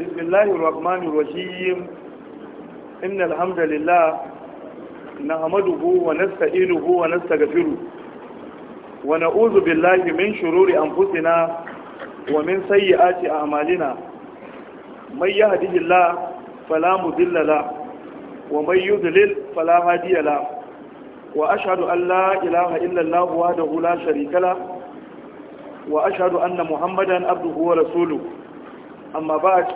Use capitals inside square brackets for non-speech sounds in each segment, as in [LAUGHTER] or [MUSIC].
بسم الله الرحمن الرحيم إن الحمد لله نحمده ونستعينه ونستغفره ونعوذ بالله من شرور أنفسنا ومن سيئات أعمالنا من يهده الله فلا مذل له ومن يذلل فلا هادي له وأشهد أن لا إله إلا الله وحده لا شريك له Wa أن محمدا عبده ورسوله wa بعد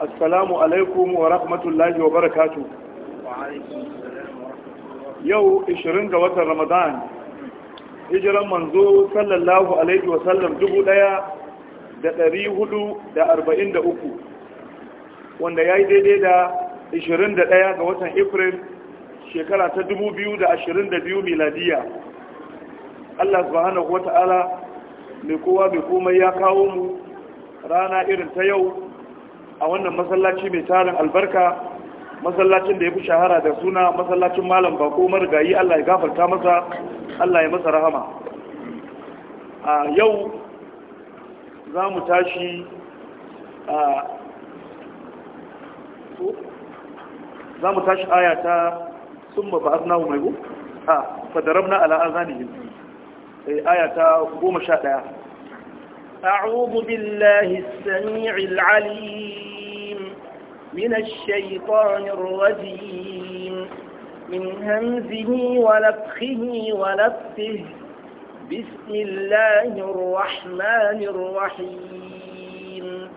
Amma عليكم ورحمة الله وبركاته وعليكم wa ورحمة الله يو إشرين قوات رمضان هجرا منذ صلى الله عليه وسلم دبو ليا da ɗari hudu da arba'in da uku wanda ya yi daidai da ishirin da ɗaya ga watan april shekara ta dubu biyu da ashirin da biyu miladiya allah subhanahu wa ta'ala mai kowa mai komai ya kawo mu rana irin ta yau a wannan masallaci mai tarin albarka masallacin da ya fi shahara da suna masallacin malam bako marigayi Allah ya gafarta masa Allah ya masa rahama a yau za mu tashi a za mu tashi aya ta sun ba ba'ar nahu mai gu a fadarabna ala'azanihim آية قوم شاء أعوذ بالله السميع العليم من الشيطان الرجيم من همزه ونفخه ونفثه بسم الله الرحمن الرحيم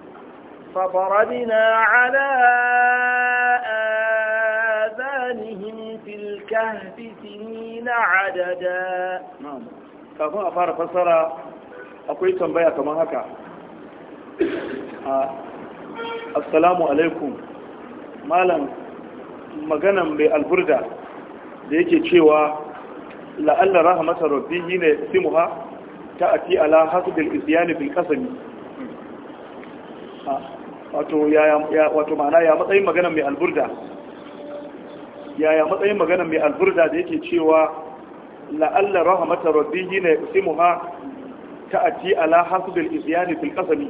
فضربنا على آذانهم في الكهف سنين عددا kafin a fara fassara akwai tambaya kamar haka assalamu alaikum malam maganan mai alburda da yake cewa la'alla rahmatar rabbi ne simuha ta ati ala hasbil isyani bil qasami wato ya wato ma'ana ya matsayin maganan mai alburda yaya matsayin maganan mai alburda da yake cewa la'alla rahmata rabbihi la yusimuha ta'ati ala al-izyan fi al qasami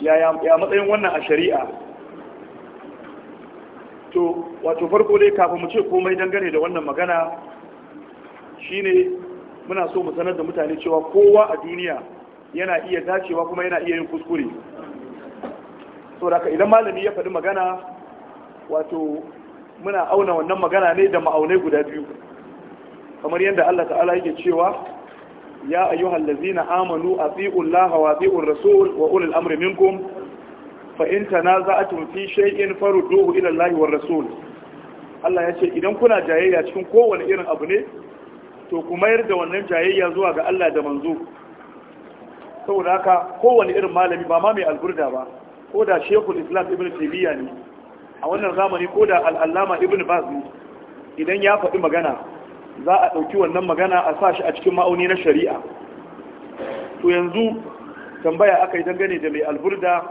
ya ya matsayin wannan a shari'a to wato farko dai kafin mu ce komai dangane da wannan magana shine muna so mu sanar da mutane cewa kowa a duniya yana iya dacewa kuma yana iya yin kuskure saboda ka idan malami ya faɗi magana wato muna auna wannan magana ne da ma'aunai guda biyu kamar yadda Allah ta'ala yake cewa ya ayyuhal ladzina amanu atiullaha wa atiur rasul wa ulil amri minkum fa in tanaza'tum fi shay'in farudduhu ila Allahi war rasul Allah ya ce idan kuna jayayya cikin kowane irin abu ne to ku mayar da wannan jayayya zuwa ga Allah da manzo saboda haka kowane irin malami ba ma mai alburda ba ko da shekul islam ibnu taymiya ne a wannan zamani ko da al'allama ibnu baz ne idan ya faɗi magana za a ɗauki wannan magana a sa shi a cikin ma'auni na shari'a to yanzu tambaya aka yi dangane da mai alburda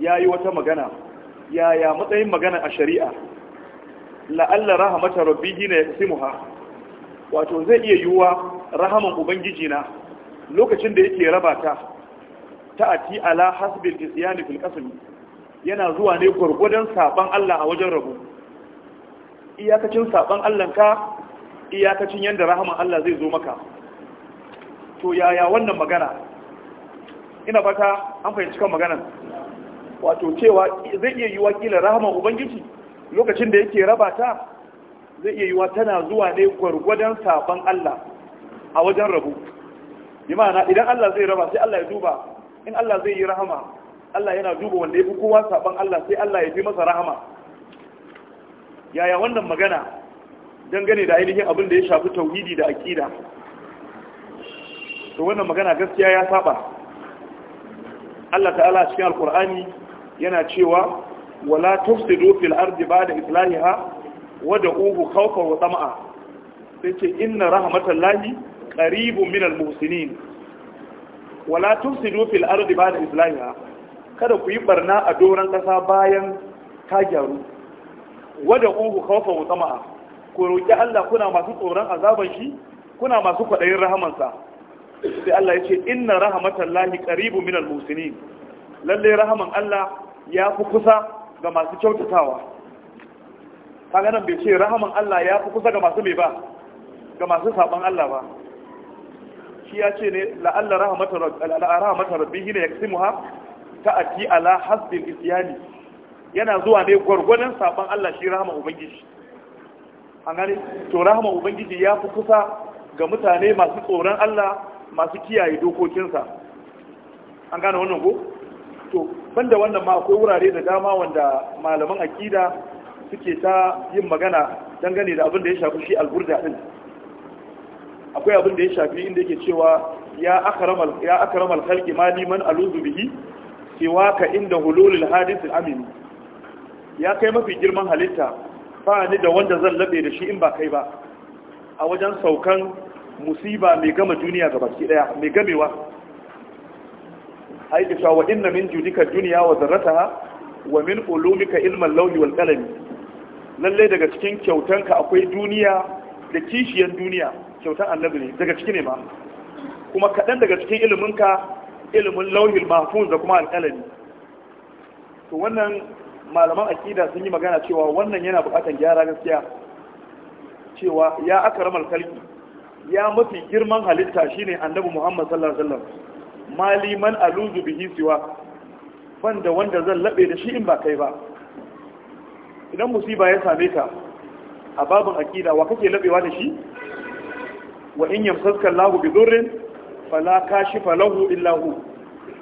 ya yi wata magana yaya matsayin magana a shari'a la'alla rahamata ya fi muha wato zai iya yiwuwa rahaman ubangiji na lokacin da yake raba ta ta ti ala hasbin isyani fil yana zuwa ne gwargwadon saban Allah a wajen rabu iyakacin saban Allah ka iyakacin yadda rahama Allah zai zo maka to yaya wannan magana ina fata an fahimci kan maganan wato cewa zai iya yiwa kila rahaman ubangiji lokacin da yake raba ta zai iya yiwa tana zuwa ne gwargwadon sabon Allah a wajen rabu imana idan Allah zai raba sai Allah ya duba in Allah zai yi rahama Allah yana duba wanda ya fi kowa sabon Allah sai Allah ya fi masa rahama yaya wannan magana dangane da ainihin abin da ya shafi tauhidi da aƙida to wannan magana gaskiya ya saba Allah ta'ala cikin alkur'ani yana cewa wala tufsidu fil ardi ba'da islahiha wa da'uhu khawfan wa tama'a sai ce inna rahmatallahi qaribun minal muhsinin wala tufsidu fil ardi ba'da islahiha kada ku yi barna a doran kasa bayan ta gyaru wa da'uhu khawfan wa tama'a ku roƙi Allah kuna masu tsoron azaban shi kuna masu kwaɗayin rahamansa sai Allah ya ce inna lahi qaribun minal musinin lalle rahaman Allah ya fi kusa ga masu kyautatawa kaga nan bai ce rahaman Allah ya fi kusa ga masu mai ba ga masu saban Allah ba shi ya ce ne la'alla rahmatar rabbihi ne yaksimuha ta'ati ala hasbil isyani yana zuwa ne gwargwadon saban Allah shi rahama ubangiji an gane to rahama ubangiji ya fi kusa ga mutane masu tsoron Allah masu kiyaye dokokinsa an gane wannan ko to banda wannan ma akwai wurare da dama wanda malaman akida suke ta yin magana dangane da abin da ya shafi shi alburda din akwai abin da ya shafi inda yake cewa ya akramal ya akramal khalqi ma liman aluzu bihi ka inda hululil hadith al-amin ya kai mafi girman halitta ba ni da wanda zan labe da shi in ba kai ba a wajen saukan musiba mai gama duniya ga baki daya mai gamewa Ai cewa wa inna min judika duniya wa zarrataha wa min ulumika ilman lauhi wal qalami lalle daga cikin kyautanka akwai duniya da kishiyan duniya kyautan annabi ne daga ciki ne ma kuma kaɗan daga cikin iliminka ilimin lauhin mahfuz da kuma alƙalami to wannan malaman akida sun yi magana cewa wannan yana buƙatar gyara gaskiya cewa ya akramal khalqi ya mafi girman halitta shine annabi Muhammad sallallahu alaihi wasallam mali man aluzu bihi siwa banda wanda zan labe da shi in ba kai ba idan musiba ya same ka a babin akida wa kake labewa da shi wa in yamsaka Allahu bi dhurrin fala kashifa lahu illa hu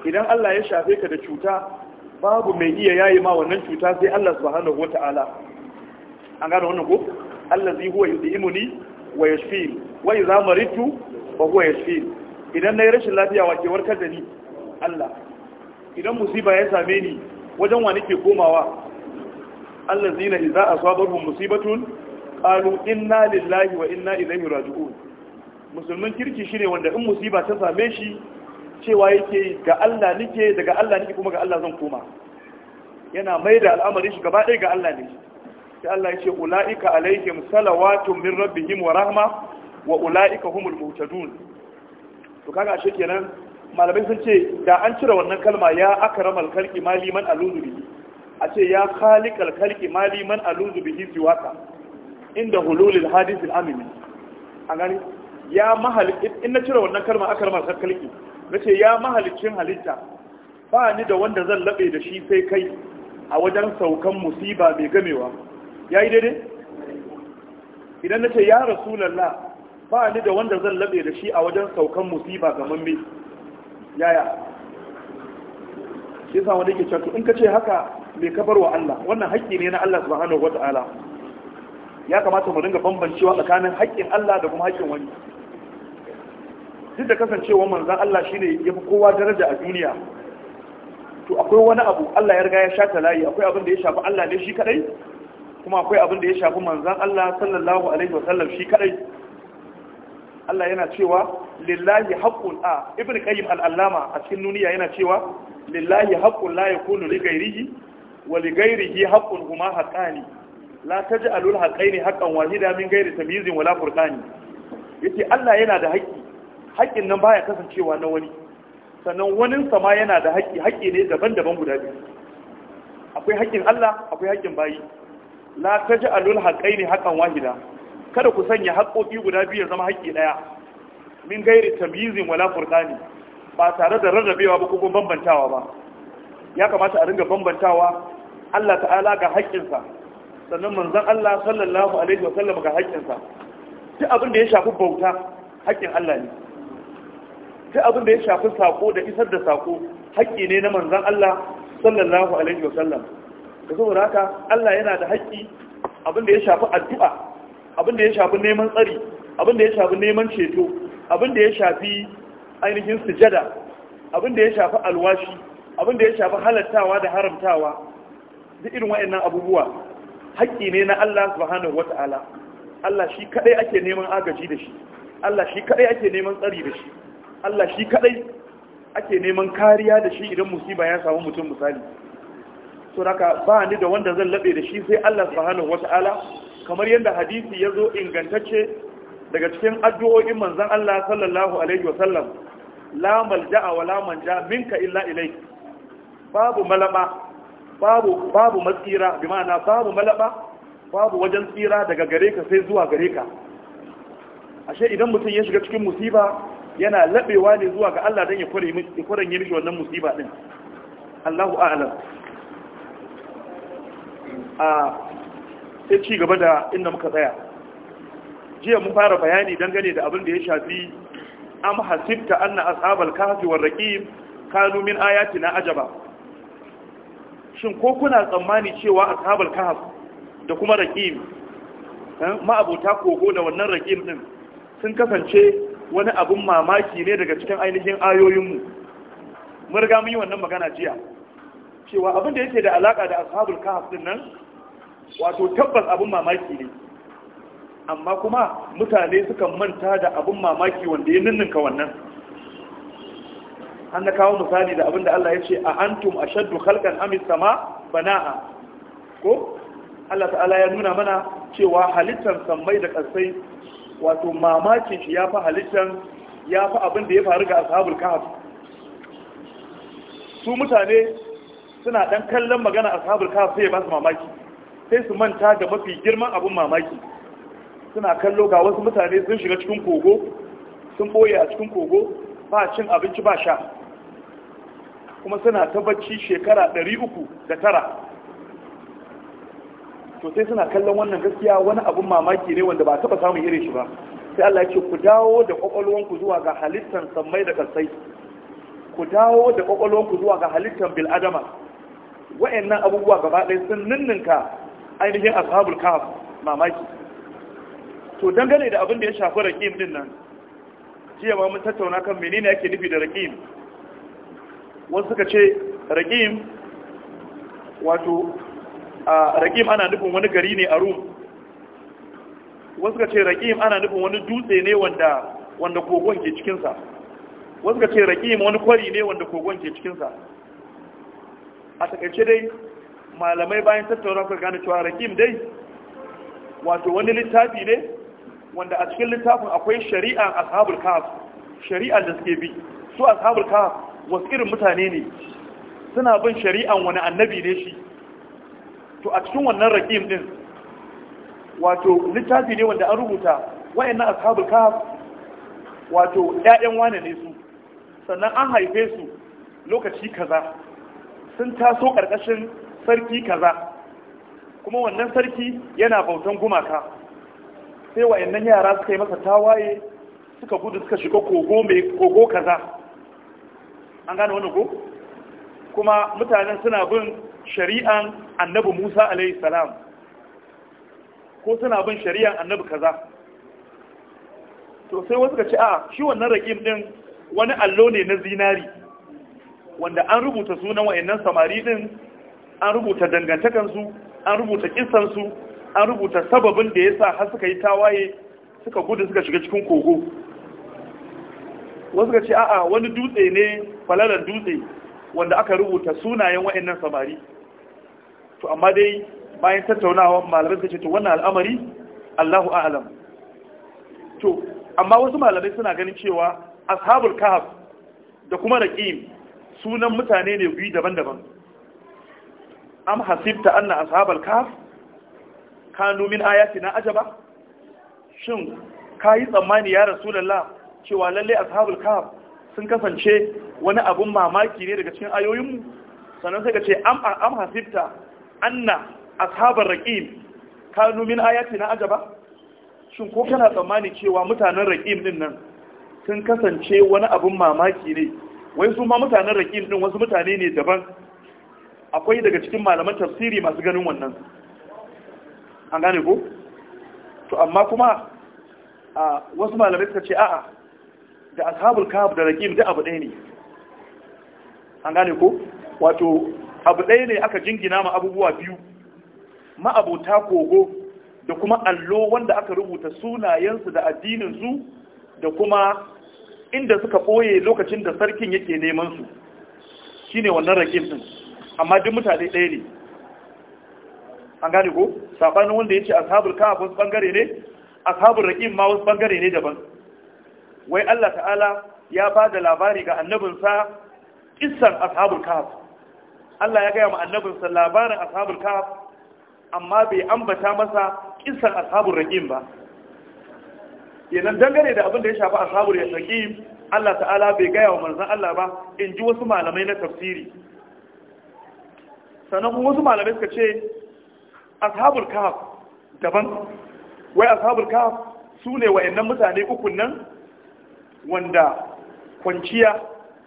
idan Allah ya shafe ka da cuta babu mai iya yayi ma wannan cuta sai Allah subhanahu wata'ala an gane wannan ko allazi huwa yudimuni wa yashfi wa idza maritu Wa huwa yashfi idan nayi rashin lafiya wa ke warkar da ni Allah idan musiba ya same ni wajen wa nake komawa allazina idza asabahum musibatun qalu inna lillahi wa inna ilaihi raji'un musulmin kirki shine wanda in musiba ta same shi cewa yake ga Allah nike daga Allah nike kuma ga Allah zan koma yana mai da al'amarin shi gaba ɗaya ga Allah ne sai Allah ya ce ula'ika alaihim salawatun min rabbihim wa rahma wa ula'ika humul muhtadun to kaga ashe kenan malamai sun ce da an cire wannan kalma ya akramal khalqi maliman aluzu bihi a ce ya khaliqal khalqi maliman aluzu bihi siwaka inda hululil hadith al-amini an gani ya mahal in na cire wannan kalma akramal khalqi nace ya mahalicin halitta ba ni da wanda zan labe da shi sai kai a wajen saukan musiba mai gamewa Ya yi daidai idan nace ya lalla, ba ni da wanda zan labe da shi a wajen saukan musiba kaman me yaya shi sa wani yake cewa in ka ce haka mai kabar wa Allah wannan haƙƙi ne na Allah subhanahu ta'ala ya kamata mu dinga bambancewa tsakanin haƙƙin Allah da kuma haƙƙin wani duk da kasancewa manzan Allah shi ne ya fi kowa daraja a duniya to akwai wani abu Allah ya riga ya shata layi akwai abin da ya shafi Allah ne shi kadai kuma akwai abin da ya shafi manzan Allah sallallahu alaihi wa sallam shi kadai Allah yana cewa lillahi haqqul a ibnu qayyim al-allama a cikin nuniya yana cewa lillahi haqqul la yakunu li ghairihi wa li ghairihi haqqul huma haqqani la taj'alul haqqaini haqqan wahida min ghairi tamyizin wala furqani yace Allah yana da haƙƙi haƙƙin nan baya kasancewa na wani sannan wani sama yana da haƙƙi haƙƙi ne daban-daban guda biyu akwai haƙƙin Allah akwai haƙƙin bayi la taj'alul haqqaini haqqan wahida kada ku sanya haƙƙoƙi guda biyu ya zama haƙƙi ɗaya min gairi tamyizin wala furqani ba tare da rarrabewa ba ko bambantawa ba ya kamata a ringa bambantawa Allah ta'ala ga haƙƙinsa sannan manzon Allah sallallahu alaihi wa sallam ga haƙƙinsa duk abin da ya shafi bauta haƙƙin Allah ne duk abin da ya shafi sako da isar da sako haƙƙi ne na manzan Allah sallallahu alaihi wa sallam da saboda haka Allah yana da haƙƙi abin da ya shafi addu'a abin da ya shafi neman tsari abin da ya shafi neman ceto abin da ya shafi ainihin sujada abin da ya shafi alwashi abin da ya shafi halattawa da haramtawa duk irin waɗannan abubuwa haƙƙi ne na Allah subhanahu wata'ala Allah shi kaɗai ake neman agaji da shi Allah shi kaɗai ake neman tsari da shi Allah shi kadai ake neman kariya da shi idan musiba ya samu mutum misali to haka ba ni da wanda zan labe da shi sai Allah subhanahu wata'ala kamar yadda hadisi ya zo ingantacce daga cikin addu'o'in manzon Allah sallallahu alaihi wa sallam la malja'a wa manja minka illa ilayk babu malaba babu babu matsira bi ma'ana babu malaba babu wajen tsira daga gare ka sai zuwa gare ka ashe idan mutum ya shiga cikin musiba yana labewa ne zuwa ga Allah Dan ya kwaranye mishi wannan musiba din Allahu a'lam a sai ci gaba da inda muka tsaya jiya mun fara bayani dangane da abin da ya shafi am hasibta anna ashabal kahfi war raqib kanu min ayatina ajaba shin ko kuna tsammani cewa ashabal kahf da kuma raqib eh, ma abota kogo da wannan raqib din sun kasance wani abun mamaki ne daga cikin ainihin ayoyinmu mun riga mun yi wannan magana jiya cewa abin da yake da alaka da ashabul kahf din nan wato tabbas abun mamaki ne amma kuma mutane suka manta da abun mamaki wanda ya ninninka wannan an na kawo misali da abin da Allah ya ce a antum ashaddu khalqan am sama bana'a ko Allah ta'ala ya nuna mana cewa halittar sammai da ƙasai wato mamakin shi ya fi halittar ya fi abin da ya faru ga ashabul kahf su mutane suna ɗan kallon magana ashabul kahf sai ya ba su mamaki sai su manta da mafi girman abin mamaki suna kallo ga wasu mutane sun shiga cikin kogo sun boye a cikin kogo ba cin abinci ba sha kuma suna ta bacci shekara tara. to sai suna kallon wannan gaskiya wani abun mamaki ne wanda ba taba samun irin shi ba sai Allah ya ce ku dawo da kwakwalwanku zuwa ga halittan sammai da kasai ku dawo da kwakwalwanku zuwa ga halittan bil adama wa'annan abubuwa gaba ɗaya sun ninninka ainihin ashabul kahf mamaki to dangane da abin da ya shafi raqim din nan jiya ma mun tattauna kan menene yake nufi da raqim wasu suka ce raqim wato a raƙim ana nufin wani gari ne a rum wasu ka ce raƙim ana nufin wani dutse ne wanda kogon ke cikinsa wasu ka ce raƙim wani kwari ne wanda kogon ke cikinsa a takaice dai malamai bayan tattaunar ka gane cewa raƙim dai wato wani littafi ne wanda a cikin littafin akwai shari'a a sahabar kaf shari'a da suke bi su sahabar kaf wasu irin mutane ne suna bin shari'a wani annabi ne shi to a cikin wannan rakim din wato littafi ne wanda an rubuta wayannan ashabul kahf wato ƴaƴan wane ne su sannan an haife su lokaci kaza sun taso ƙarƙashin sarki kaza kuma wannan sarki yana bautan gumaka sai wayannan yara suka yi masa tawaye suka gudu suka shiga kogo mai kogo kaza an gane wani go kuma mutanen suna bin shari'an annabi Musa alaihi salam ko suna bin shari'an annabi kaza to sai wasu ka ce a shi wannan raƙim din wani allo ne na zinari wanda an rubuta sunan wayannan samari din an rubuta su an rubuta su an rubuta sababin da yasa har suka yi tawaye suka gudu suka shiga cikin kogo wasu ka ce a'a wani dutse ne falalar dutse wanda aka rubuta sunayen wayannan samari to amma dai bayan tattaunawa malamai suka ce to wannan al'amari Allahu a'lam to amma wasu malamai suna ganin cewa ashabul kahf da kuma raqim sunan mutane ne biyu daban-daban am hasibta anna ashabul kahf kanu min ayatina ajaba shin kayi tsammani ya rasulullah cewa lalle ashabul kahf sun kasance wani abun mamaki ne daga cikin ayoyinmu sannan sai ka ce am am hasibta anna ashabar raqim kanu min na ajaba shin ko kana tsammani cewa mutanen raqim din nan sun kasance wani abun mamaki ne wai su ma mutanen raqim din wasu mutane ne daban akwai daga cikin malaman tafsiri masu ganin wannan an gane ko to amma kuma a wasu malamai suka ce a'a da ashabul kahf da raqim da abu ɗaya ne an gane ko wato abu ɗaya ne aka jingina ma abubuwa biyu ma'abota kogo da kuma allo wanda aka rubuta sunayensu da addininsu da kuma inda suka ɓoye lokacin da sarkin yake neman su shine wannan rakin din amma duk mutane ɗaya ne an gane ko saɓanin wanda ya ce ashabul kahf wasu bangare ne ashabul rakin ma wasu bangare ne daban wai Allah ta'ala ya ba da labari ga annabinsa kissan ashabul kahf Allah ya gaya ma annabinsa labarin ashabul kaf amma bai ambata masa kisan ashabul ba kenan dangane da abin da ya shafi ashabul raqim Allah ta'ala bai gaya wa manzon Allah ba in ji wasu malamai na tafsiri sannan kuma wasu malamai suka ce ashabul kaf daban wai ashabul kaf su ne wa'annan mutane ukun nan wanda kwanciya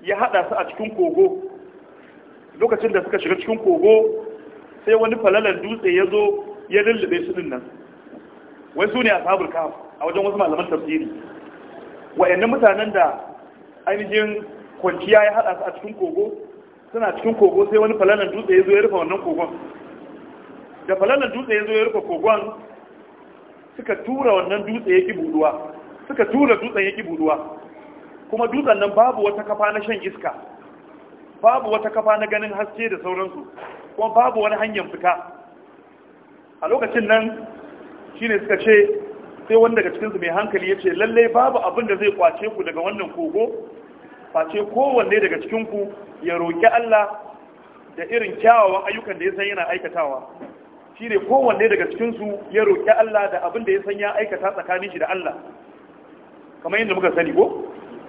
ya haɗa su a cikin kogo lokacin da suka shiga cikin kogo sai wani falalar dutse ya zo ya lullube su din nan wai su ne a sabul kaf a wajen wasu malaman tafsiri wayannan mutanen da ainihin kwanciya ya hada su a cikin kogo suna cikin kogo sai wani falalar dutse ya zo ya rufe wannan kogon da falalar dutse ya zo ya rufe kogon suka tura wannan dutse ya ki buduwa suka tura dutsen ya ki buduwa kuma dutsen nan babu wata kafa na shan iska babu wata kafa na ganin haske da sauransu kuma babu wani hanyar fita a lokacin nan shi ne suka ce sai wanda daga cikinsu mai hankali ya ce lallai babu abin da zai kwace ku daga wannan kogo face kowanne daga cikinku ya roƙi Allah da irin kyawawan ayyukan da ya san yana aikatawa shi ne kowanne daga cikinsu ya roƙi Allah da abin da ya san ya aikata tsakanin shi da Allah kamar yadda muka sani ko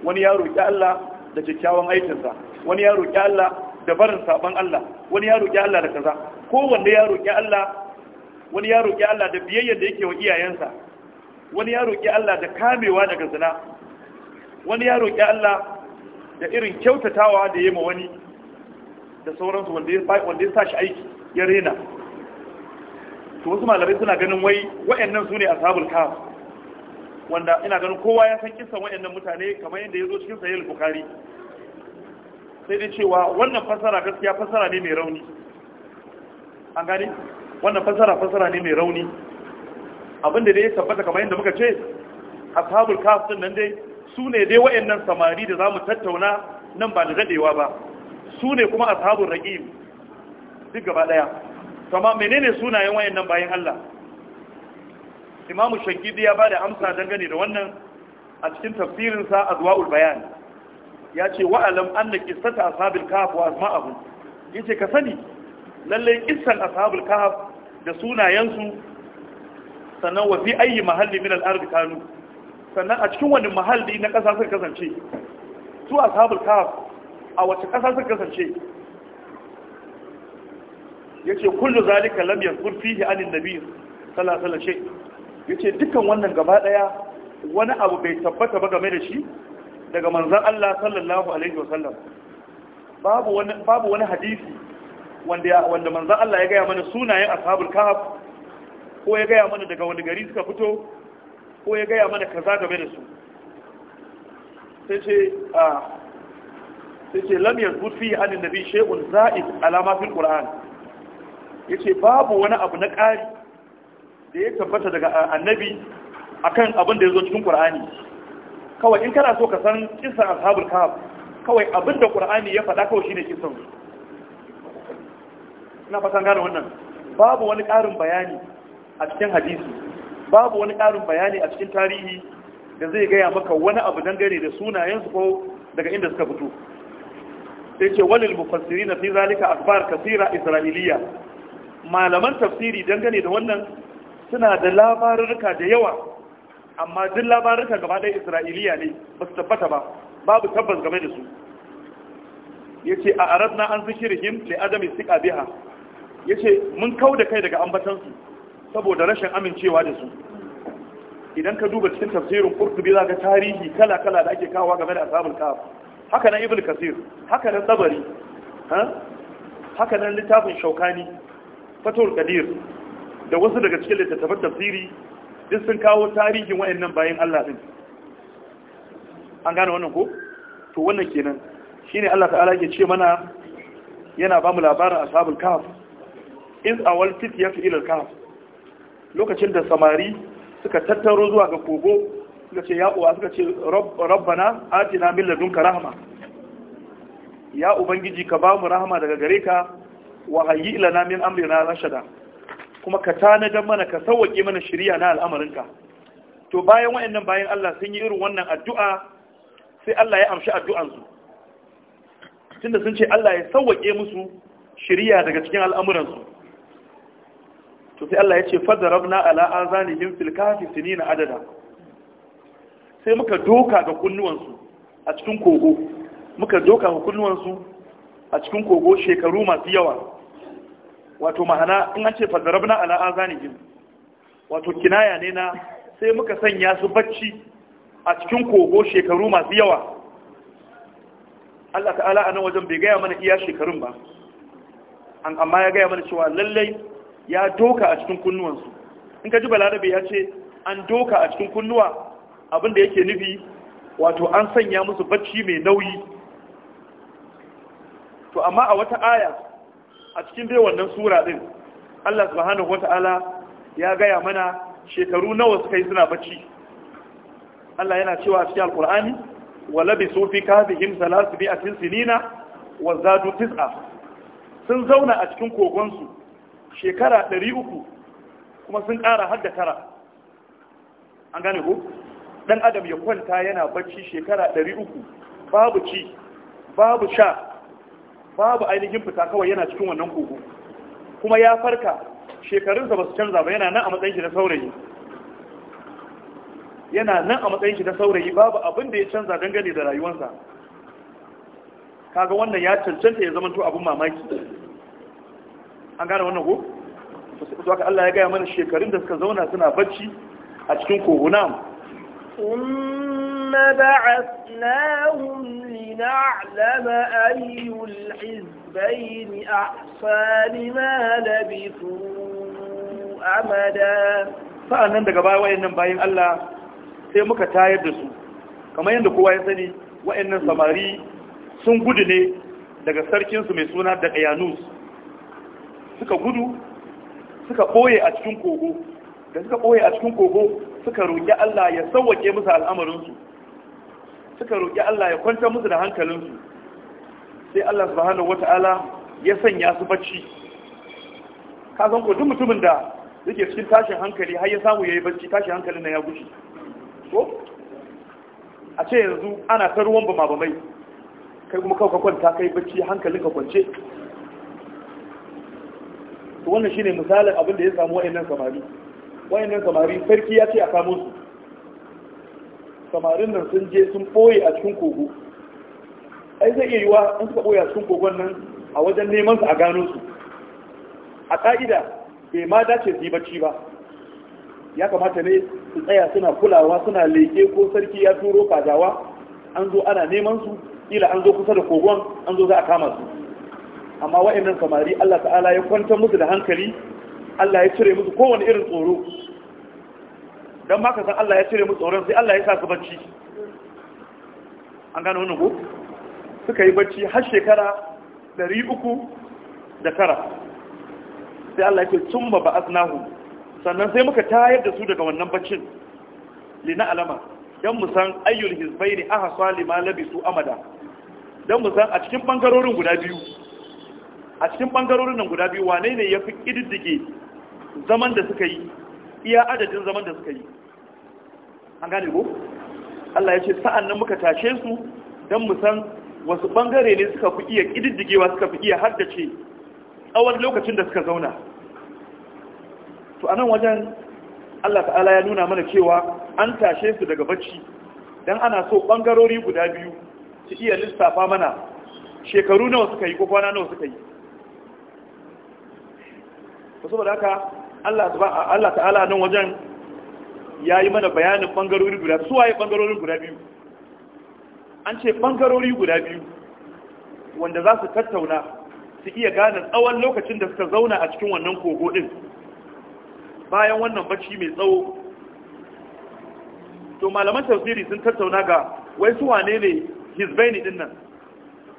wani ya roƙi Allah da kyakkyawan aikinsa wani ya roƙi Allah da barin saban Allah wani ya roƙi Allah da kaza kowanne ya roƙi Allah wani ya roƙi Allah da biyayya da yake wa iyayensa wani ya roƙi Allah da kamewa daga zina wani ya roƙi Allah da irin kyautatawa da ya ma wani da sauransu wanda ya sa shi aiki ya rena to wasu malamai suna ganin wai waɗannan su ne ashabul kahf wanda ina ganin kowa ya san kisan wayannan mutane kamar yadda ya zo cikin sahih bukhari sai dai cewa wannan fasara gaskiya fasara ne mai rauni an gane wannan fasara fasara ne mai rauni abinda dai ya tabbata kamar yadda muka ce ashabul kaf din nan dai su ne dai wayannan samari da zamu tattauna nan ba da dadewa ba su ne kuma ashabul raqib duk gaba daya kuma menene sunayen wayannan bayan Allah imamu shagidi ya ba da amsa dangane da wannan a cikin tafsirinsa a zuwa'ul bayan ya ce wa'alam an na kistata ashabul kahaf wa asma'ahu ya ce ka sani lallai kistan ashabul kahafu da sunayensu sannan wa fi ayi mahalli min al-ardi kanu sannan a cikin wani mahalli na ƙasa suka kasance su ashabul kahaf a wace ƙasa suka kasance Ya ce kullu zalika lam yazkur fihi anin nabiy sallallahu alaihi wasallam yace dukkan wannan gaba daya wani abu bai tabbata ba game da shi daga manzon Allah sallallahu alaihi wasallam babu wani babu wani hadisi wanda wanda manzon Allah ya gaya mana sunayen ashabul kahf ko ya gaya mana daga wani gari suka fito ko ya gaya mana kaza game da su sai ce a ah, sai ce lam yazbut fi shay'un za'id alama fil qur'an yace babu wani abu na ƙari da ya tabbata daga annabi kan abin da ya zo cikin qur'ani kawai in kana so ka san kisan ashabul kahf kawai abin da ya faɗa kawai shine kisan ina fasan gane wannan babu wani ƙarin bayani a cikin hadisi babu wani ƙarin bayani a cikin tarihi da zai gaya maka wani abu dangane da sunayensu ko daga inda suka fito sai ce walil mufassiri na fi zalika akbar kasira isra'iliya malaman tafsiri dangane da wannan suna da labarurka da yawa amma duk labarurka gaba ɗaya isra'iliya ne ba su tabbata ba babu tabbas game da su ya ce a arabna an zikirihim li adami siƙa biha ya ce mun kau da kai daga ambatansu saboda rashin amincewa da su idan ka duba cikin tafsirin kurtubi za ka tarihi kala-kala da ake kawo game da asabul kaf haka nan ibn kasir haka nan tsabari haka nan littafin shaukani fatul kadir da wasu daga cikin littattafan tafsiri duk sun kawo tarihin wayannan bayan Allah din an gane wannan ko to wannan kenan shine Allah ta'ala yake ce mana yana ba mu labarin ashabul kahf iz awal fityatu ila al-kahf lokacin da samari suka tattaro zuwa ga kogo suka ce ya uwa suka ce rabbana atina min ladunka rahma ya ubangiji ka ba mu rahma daga gare ka wa hayyi lana min amrina rashada kuma ka tanadar mana ka sauwaƙe mana shirya na al'amarinka to bayan wayannan bayan Allah sun yi irin wannan addu'a sai Allah ya amshi addu'ansu tunda sun ce Allah ya sauwaƙe musu shirya daga cikin al'amuransu to sai Allah ya ce rabna ala azanihim fil kafi sinina adada sai muka doka ga kunnuwansu a cikin kogo muka doka ga kunnuwansu a cikin kogo shekaru masu yawa wato ma'ana in an ce fadarabna ala azanihim wato kinaya ne na sai muka sanya su bacci a cikin kogo shekaru masu yawa Allah ta'ala a wajen bai gaya mana iya shekarun ba amma ya gaya mana cewa lallai ya doka a cikin kunnuwansu in ka ji balarabe ya ce an doka a cikin kunnuwa abinda yake nufi wato an sanya musu bacci mai nauyi to amma a wata aya a cikin dai wannan sura din Allah subhanahu wata'ala ya gaya mana shekaru nawa suka yi suna bacci Allah yana cewa a cikin alkur'ani walabi sufi kafihim salasu bi a sinina wa zadu tis'a sun zauna a cikin kogon su shekara 300 kuma sun ƙara har da tara an gane ko dan adam ya kwanta yana bacci shekara 300 babu ci babu sha babu ainihin fita kawai yana cikin wannan kogo kuma ya farka shekarunsa ba su canza ba yana nan a matsayin shi na saurayi yana nan a matsayin shi na saurayi babu abin da ya canza dangane da rayuwarsa kaga wannan ya cancanta ya zamanto abin mamaki an gane wannan ko haka Allah ya gaya mana shekarun da suka zauna suna bacci a cikin kogo na ثم بعثناهم لنعلم أي الحزبين أحصى لما لبثوا أمدا sa'annan daga baya wayannan bayan Allah sai muka tayar da su kamar yadda kowa ya sani wayannan samari sun gudu ne daga sarkinsu mai suna da ƙayanus suka gudu suka ɓoye a cikin kogo da suka ɓoye a cikin kogo suka roƙi Allah ya sauwake musu al'amarinsu suka roƙi Allah ya kwanta musu da hankalinsu sai Allah subhanahu wata'ala ya sanya su bacci ka san ko duk mutumin da yake cikin tashin hankali har ya samu yayi bacci tashin hankalin nan ya gushi ko a ce yanzu ana ta ruwan ba bamai kai kuma kawo ka kwanta kai bacci hankalin ka kwance to wannan shine misalin abin da ya samu wa'annan samari wa'annan samari sarki ya ce a samu su samarin nan sun je sun ɓoye a cikin kogo ai zai iya yiwa in suka ɓoye a cikin kogon nan a wajen neman su a gano su a ƙa'ida bai ma dace su yi bacci ba ya kamata ne su tsaya suna kulawa suna leke ko sarki ya turo fadawa an zo ana neman su ila an zo kusa da kogon an zo za a kama su amma wa'annan samari Allah ta'ala ya kwanta musu da hankali Allah ya cire musu kowane irin tsoro don maka san Allah ya cire mu tsoron sai Allah ya sa su bacci an gano wani ko suka yi bacci har shekara 300 da tara sai Allah ya ce tun ba ba'aznahu sannan sai muka tayar da su daga wannan baccin li na alama don mu san ayyul hizbaini Aha Salima, labisu amada don mu san a cikin bangarorin guda biyu a cikin bangarorin nan guda biyu wane ne ya fi ƙididdige zaman da suka yi iya adadin zaman da suka yi an gane ko Allah ya ce sa'an nan muka tashe su don mu san wasu bangare ne suka fi iya ƙididdigewa suka fi iya haddace tsawon lokacin da suka zauna to a nan wajen Allah ta'ala ya nuna mana cewa an tashe su daga bacci don ana so bangarori guda biyu su iya lissafa mana shekaru nawa suka yi ko kwana nawa suka yi saboda haka Allah ta'ala nan wajen ya yi mana bayanin ɓangarori guda su waye ɓangarorin guda biyu an ce ɓangarori guda biyu wanda za su tattauna su iya gane tsawon lokacin da suka zauna a cikin wannan kogo ɗin bayan wannan bacci mai tsawo to malaman tafsiri sun tattauna ga wai su ne ne hizbaini ɗin nan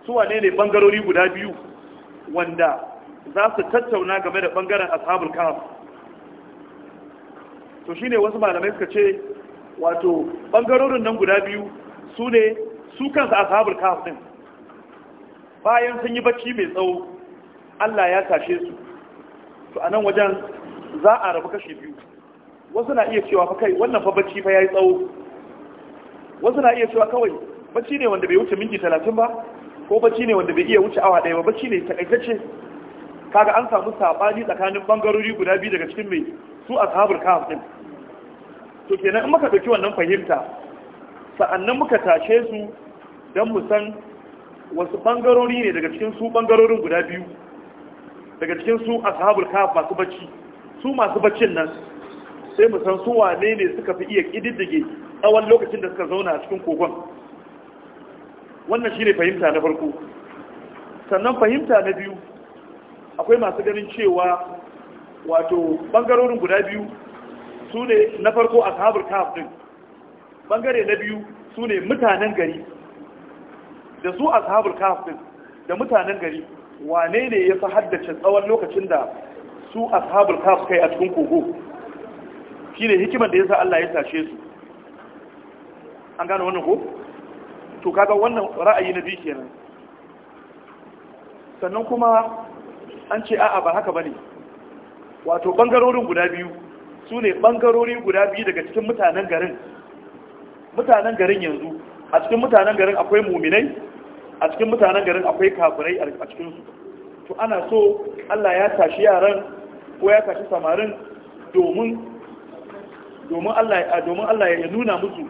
su ne ne ɓangarori guda biyu wanda za su tattauna game da ɓangaren ashabul kahf to shine wasu malamai suka ce wato bangarorin nan guda biyu su ne su kansu ashabul kahf din bayan sun yi bacci mai tsawo Allah ya tashe su to anan wajen za a rabu kashi biyu wasu na iya cewa fa kai wannan fa bacci fa yayi tsawo wasu na iya cewa kawai bacci ne wanda bai wuce minti 30 ba ko bacci ne wanda bai iya wuce awa ɗaya ba bacci ne takaitacce kaga an samu sabani tsakanin bangarori guda biyu daga cikin mai su ashabul kahf din to kenan in muka dauki wannan fahimta sa'annan muka tashe su don mu san wasu ɓangarori ne daga cikin su ɓangarorin guda biyu daga cikin su ashabul kaf masu bacci su masu baccin nan sai mu san su wane ne suka fi iya kididdige tsawon lokacin da suka zauna a cikin kogon wannan shi ne fahimta na farko sannan fahimta na biyu akwai masu ganin cewa wato bangarorin guda biyu su ne na farko a sahabar kaf din bangare na biyu su ne mutanen gari da su a sahabar kaf din da mutanen gari wane ne ya fi haddace tsawon lokacin da su a sahabar kaf kai a cikin kogo shi ne hikimar da ya sa Allah ya tashe su an gano wannan ko? to kaga wannan ra'ayi na biyu kenan sannan kuma an ce a'a ba haka bane wato bangarorin guda biyu su ne ɓangarori guda biyu daga cikin mutanen garin mutanen garin yanzu a cikin mutanen garin akwai muminai a cikin mutanen garin akwai kafirai a cikinsu to ana so allah ya tashi yaran ko ya tashi samarin domin allah ya nuna musu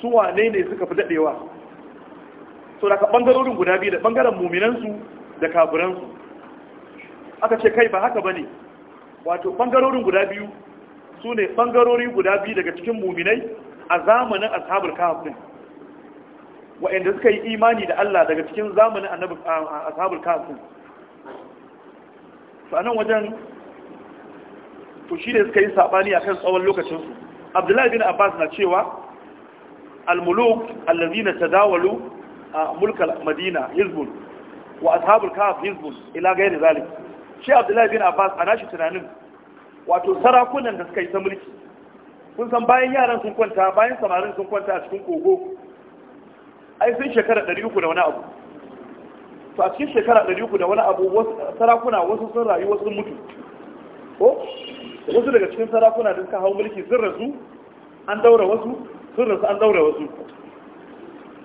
su wane ne suka fi daɗewa so daga ɓangarorin guda biyu da ɓangaren muminansu da kafiransu aka ce kai ba haka ba ne wato ɓangarorin guda biyu su ne ɓangarori guda biyu daga cikin muminai a zamanin ashabul kahaf din wa'anda suka yi imani da Allah daga cikin zamanin annabi ashabul kahaf din nan wajen to shi ne suka yi sabani akan tsawon lokacin su Abdullahi bin Abbas na cewa al-muluk allazina tadawalu mulkal madina hizbun wa ashabul kahf hizbun ila ghairi zalik shi Abdullahi bin Abbas ana shi tunanin wato sarakunan da suka yi ta mulki kun san bayan yaran sun kwanta bayan samarin sun kwanta a cikin kogo ai sun shekara 300 da wani abu to a cikin shekara 300 da wani abu sarakuna wasu sun rayu wasu mutu ko wasu daga cikin sarakuna da suka hau mulki sun rasu an daura wasu sun rasu an daura wasu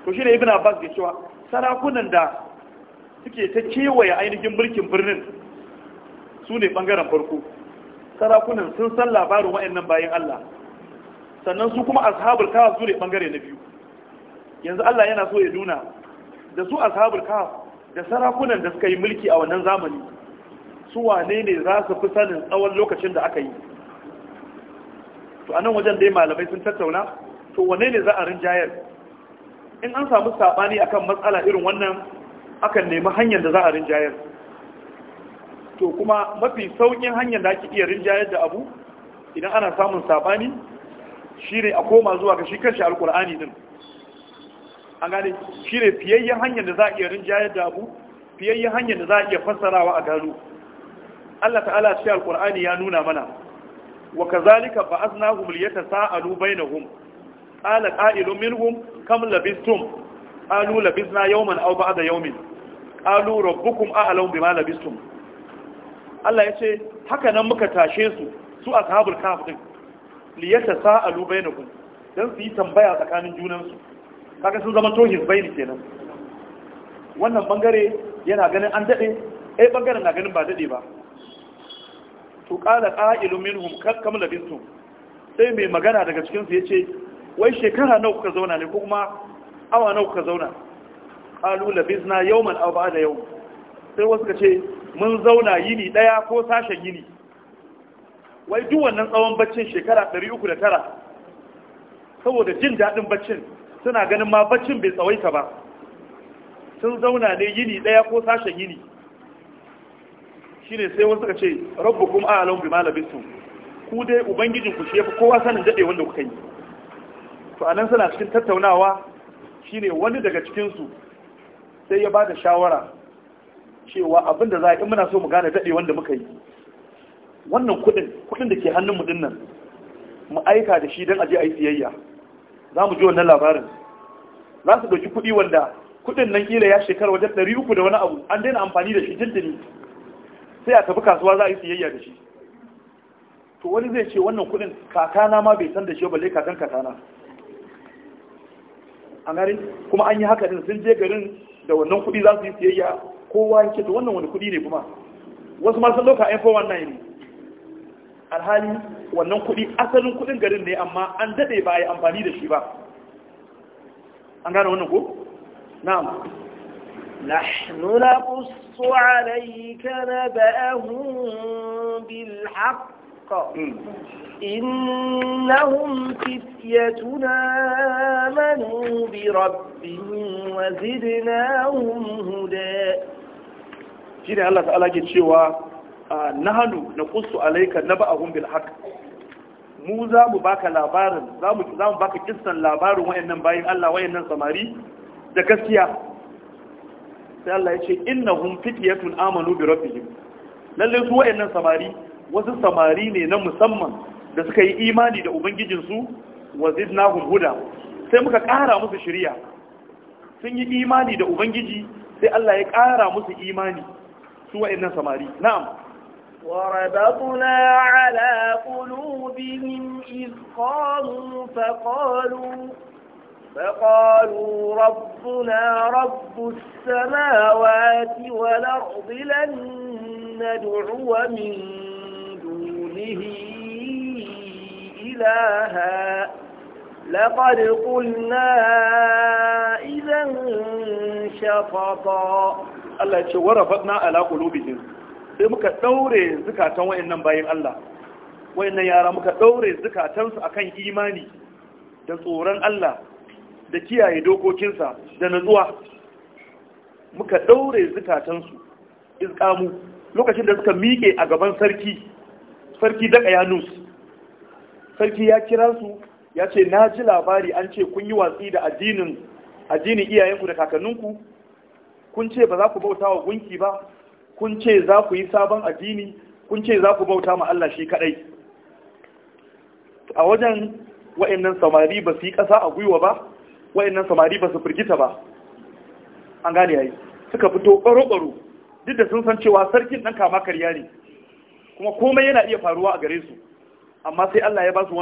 to shi ibn abbas ke cewa sarakunan da suke ta kewaye ainihin mulkin birnin su ne bangaren farko sarakunan sun san labarin wa'annan bayan Allah sannan su kuma ashabul kahf su ne bangare na biyu yanzu Allah yana so ya nuna da su ashabul kahf da sarakunan da suka yi mulki a wannan zamani su wane ne za su fi sanin tsawon lokacin da aka yi to anan wajen dai malamai sun tattauna to wane ne za a rinjayar in an samu sabani akan matsala irin wannan akan nemi hanyar da za a rinjayar to kuma mafi saukin hanyar da ake iya rinjayar da abu idan ana samun sabani ne a koma zuwa ga shi kanshi alkur'ani din an gane ne fiyayyen hanyar da za a iya rinjayar da abu fiyayyen hanyar da za a iya fassarawa a gano Allah ta'ala shi alkur'ani ya nuna mana wa kazalika na hum. bainahum qala qa'ilun hum kam labistum qalu labisna yawman aw ba'da yawmin qalu rabbukum a'lamu bima labistum Allah ya ce haka nan muka tashe su su ashabul kahf din li yatasaalu bainakum dan su yi tambaya tsakanin junansu. su kaga sun zama to hizbaini kenan wannan bangare yana ganin an daɗe. eh bangaren na ganin ba daɗe ba to qala qa'ilun minhum kakkam labistum sai mai magana daga cikin su ce, wai shekara nawa kuka zauna ne ko kuma awa nawa kuka zauna qalu labizna yawman aw ba'da yawm sai wasu ka ce mun zauna yini daya ko sashen yini wai duk wannan tsawon baccin shekara 309 saboda jin daɗin baccin suna ganin ma baccin bai tsawaita ba sun zauna ne yini daya ko sashen yini shine sai wasu ka ce rabbukum a'lamu bima labistu ku dai ubangijin shi yafi kowa sanin dade wanda kuka yi to anan suna cikin tattaunawa shine wani daga cikinsu sai ya bada shawara cewa abin da za a yi muna so mu gane daɗe wanda muka yi wannan kuɗin kuɗin da ke hannun mu dinnan mu aika da shi don aje a yi siyayya za mu ji wannan labarin za su ɗauki kuɗi wanda kuɗin nan kila ya shekara wajen ɗari uku da wani abu an daina amfani da shi tuntuni sai a tafi kasuwa za a yi siyayya da shi to wani zai ce wannan kuɗin kakana ma bai san da shi balle kakan kakana a gari kuma an yi haka din sun je garin da wannan kuɗi za su yi siyayya kowa ya ce to wannan wani kudi ne kuma wasu ma sun ɗauka info wannan ne alhali wannan kudi asalin kudin garin ne amma an dade ba ai amfani da shi ba an gane wannan ko? na'am نحن نقص عليك نبأهم بالحق إنهم فتيتنا آمنوا بربهم وزدناهم هدى shi ne Allah ta'ala ke cewa ah, nahanu na kusu alaika na ba'ahun bil haq mu za mu baka labarin za mu baka kissan labarin wayannan bayin Allah wayannan samari da gaskiya sai Allah ya ce innahum fityatun amanu bi rabbihim lalle su wayannan samari wasu samari ne na musamman da suka yi imani da ubangijinsu wa zidnahum huda sai muka ƙara musu shiriya sun yi imani da ubangiji sai Allah ya ƙara musu imani سوى ابن سماري نعم وربطنا على قلوبهم إذ قاموا فقالوا فقالوا ربنا رب السماوات والأرض لن ندعو من دونه إلها لقد قلنا إذا انشططا Allah ya ce na ala qulubihim sai muka daure zukatan wayannan bayan Allah wayannan yara muka daure zukatan su akan imani da tsoron Allah da kiyaye dokokinsa da nazuwa muka daure zukatan su izqamu lokacin da suka miƙe a gaban sarki sarki daga yanus sarki ya kira su ya ce na ji labari an ce kun yi watsi da addinin addinin iyayenku da kakanninku kun ce ba za ku bauta wa gunki ba kun ce za ku yi sabon addini kun ce za ku bauta ma Allah shi kadai a wajen wa'annan samari ba su yi ƙasa a gwiwa ba wa'annan samari ba su firgita ba an gane yayi suka fito ɓaro-ɓaro duk da sun san cewa sarkin ɗan kama karya ne kuma komai yana iya faruwa a gare su amma sai Allah ya ba su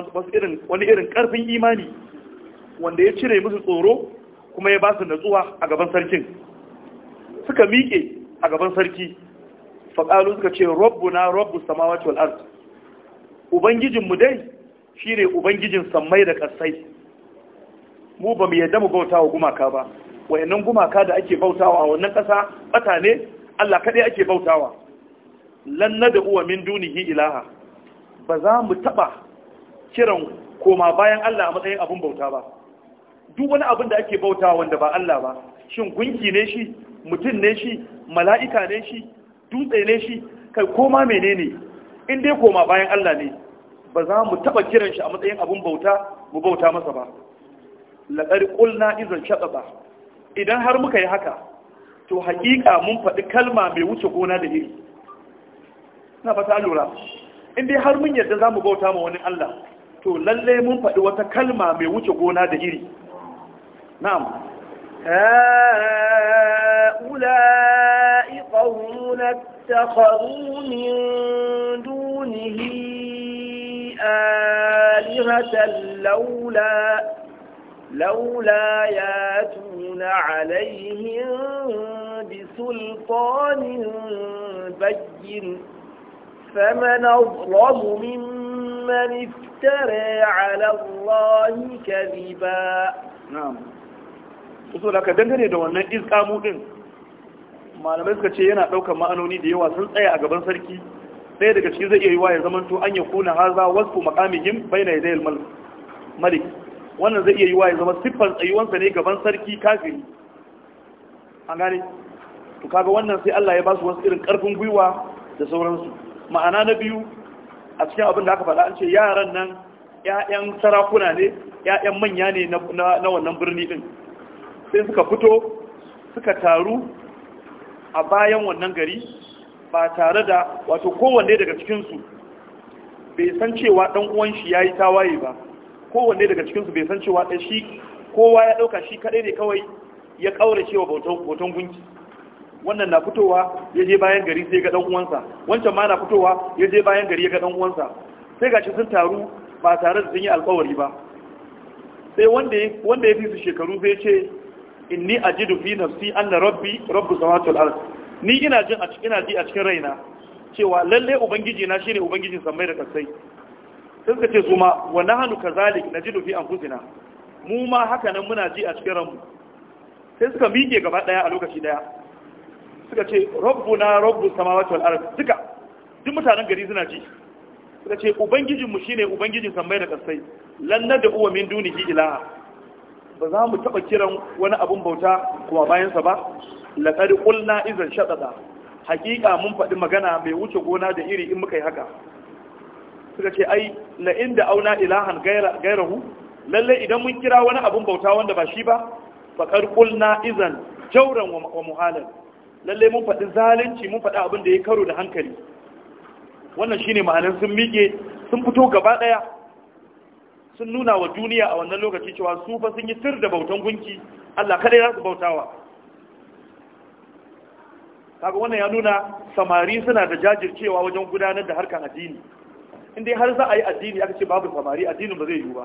wani irin ƙarfin imani wanda ya cire musu tsoro kuma ya ba su natsuwa a gaban sarkin suka miƙe a gaban sarki faƙalu suka ce rabbuna na samawati wal Ubangijinmu ubangijin mu dai shine ubangijin sammai da ƙasai mu ba mu yadda mu bauta wa gumaka ba wayannan gumaka da ake bautawa a wannan ƙasa ɓata ne Allah kaɗai ake bautawa lan da uwa min dunihi ilaha ba za mu taɓa kiran koma bayan Allah a matsayin abin bauta ba duk wani abin da ake bautawa wanda ba Allah ba shin gunki ne shi mutum ne shi mala'ika ne shi dutse ne shi kai koma menene in dai koma bayan Allah ne ba za mu taba kiran shi a matsayin abin bauta mu bauta masa ba laqad qulna idan ba. idan har muka yi haka to haƙiƙa mun faɗi kalma mai wuce gona da iri na fata lura in dai har mun yadda za mu bauta ma wani Allah to lallai mun faɗi wata kalma mai wuce gona da iri na'am هؤلاء قوم اتخذوا من دونه آلهة لولا لولا ياتون عليهم بسلطان بين فمن أظلم ممن افترى على الله كذبا نعم so da ka dangane da wannan izkamu din malamai suka ce yana ɗaukar ma'anoni da yawa sun tsaya a gaban sarki Sai daga ciki zai iya yi wa ya zamanto an ya kuna haza wasu makamihim bai na yadayar malik wannan zai iya yi wa ya zama siffar tsayuwansa ne gaban sarki kafiri an gane to kaga wannan sai Allah ya ba su wasu irin karfin gwiwa da sauransu ma'ana na biyu a cikin abin da aka faɗa an ce yaran nan yayan sarakuna ne yayan manya ne na wannan birni din sai suka fito suka taru a bayan wannan gari ba tare da wato kowanne daga cikinsu bai san cewa ɗan uwan shi ya yi tawaye ba kowanne daga cikinsu bai san cewa ɗan shi kowa ya ɗauka shi kaɗai ne kawai ya ƙaura cewa bautan gunki wannan na fitowa ya je bayan gari sai ga ɗan uwansa wancan ma na fitowa ya je bayan gari ya ga ɗan uwansa sai gashi sun taru ba tare da sun yi alƙawari ba sai wanda ya fi su shekaru ya ce inni ajidu fi nafsi anna rabbi rabbu samawati wal ard ni ina jin a cikin ji a cikin raina cewa lalle ubangiji na shine ubangijin samai da kasai sai suka ce kuma wa nahnu kazalik najidu fi anfusina mu ma haka nan muna ji a cikin ranmu sai suka miƙe gaba daya a lokaci daya suka ce rabbuna rabbu samawati wal ard duka duk mutanen gari suna ji suka ce ubangijin mu shine ubangijin samai da kasai lan nad'u min dunihi ilaha ba za mu taɓa kiran wani abin bauta kuma bayansa ba laƙari ƙulna izan shaɗaɗa haƙiƙa mun faɗi magana mai wuce gona da iri in muka yi haka suka ce ai la inda auna ilahan gairahu lalle idan mun kira wani abun bauta wanda ba shi ba faƙar ƙulna izan jauran wa muhalar lalle mun faɗi zalunci mun faɗi abin da ya karo da hankali wannan shine ma'anar sun miƙe sun fito gaba ɗaya sun nuna wa duniya a wannan lokaci cewa su fa sun yi sir da bautan gunki Allah kada ya su bautawa kaga wannan ya nuna samari suna da jajircewa wajen gudanar da harkar addini in dai har za a yi addini aka ce babu samari addinin ba zai yiwu ba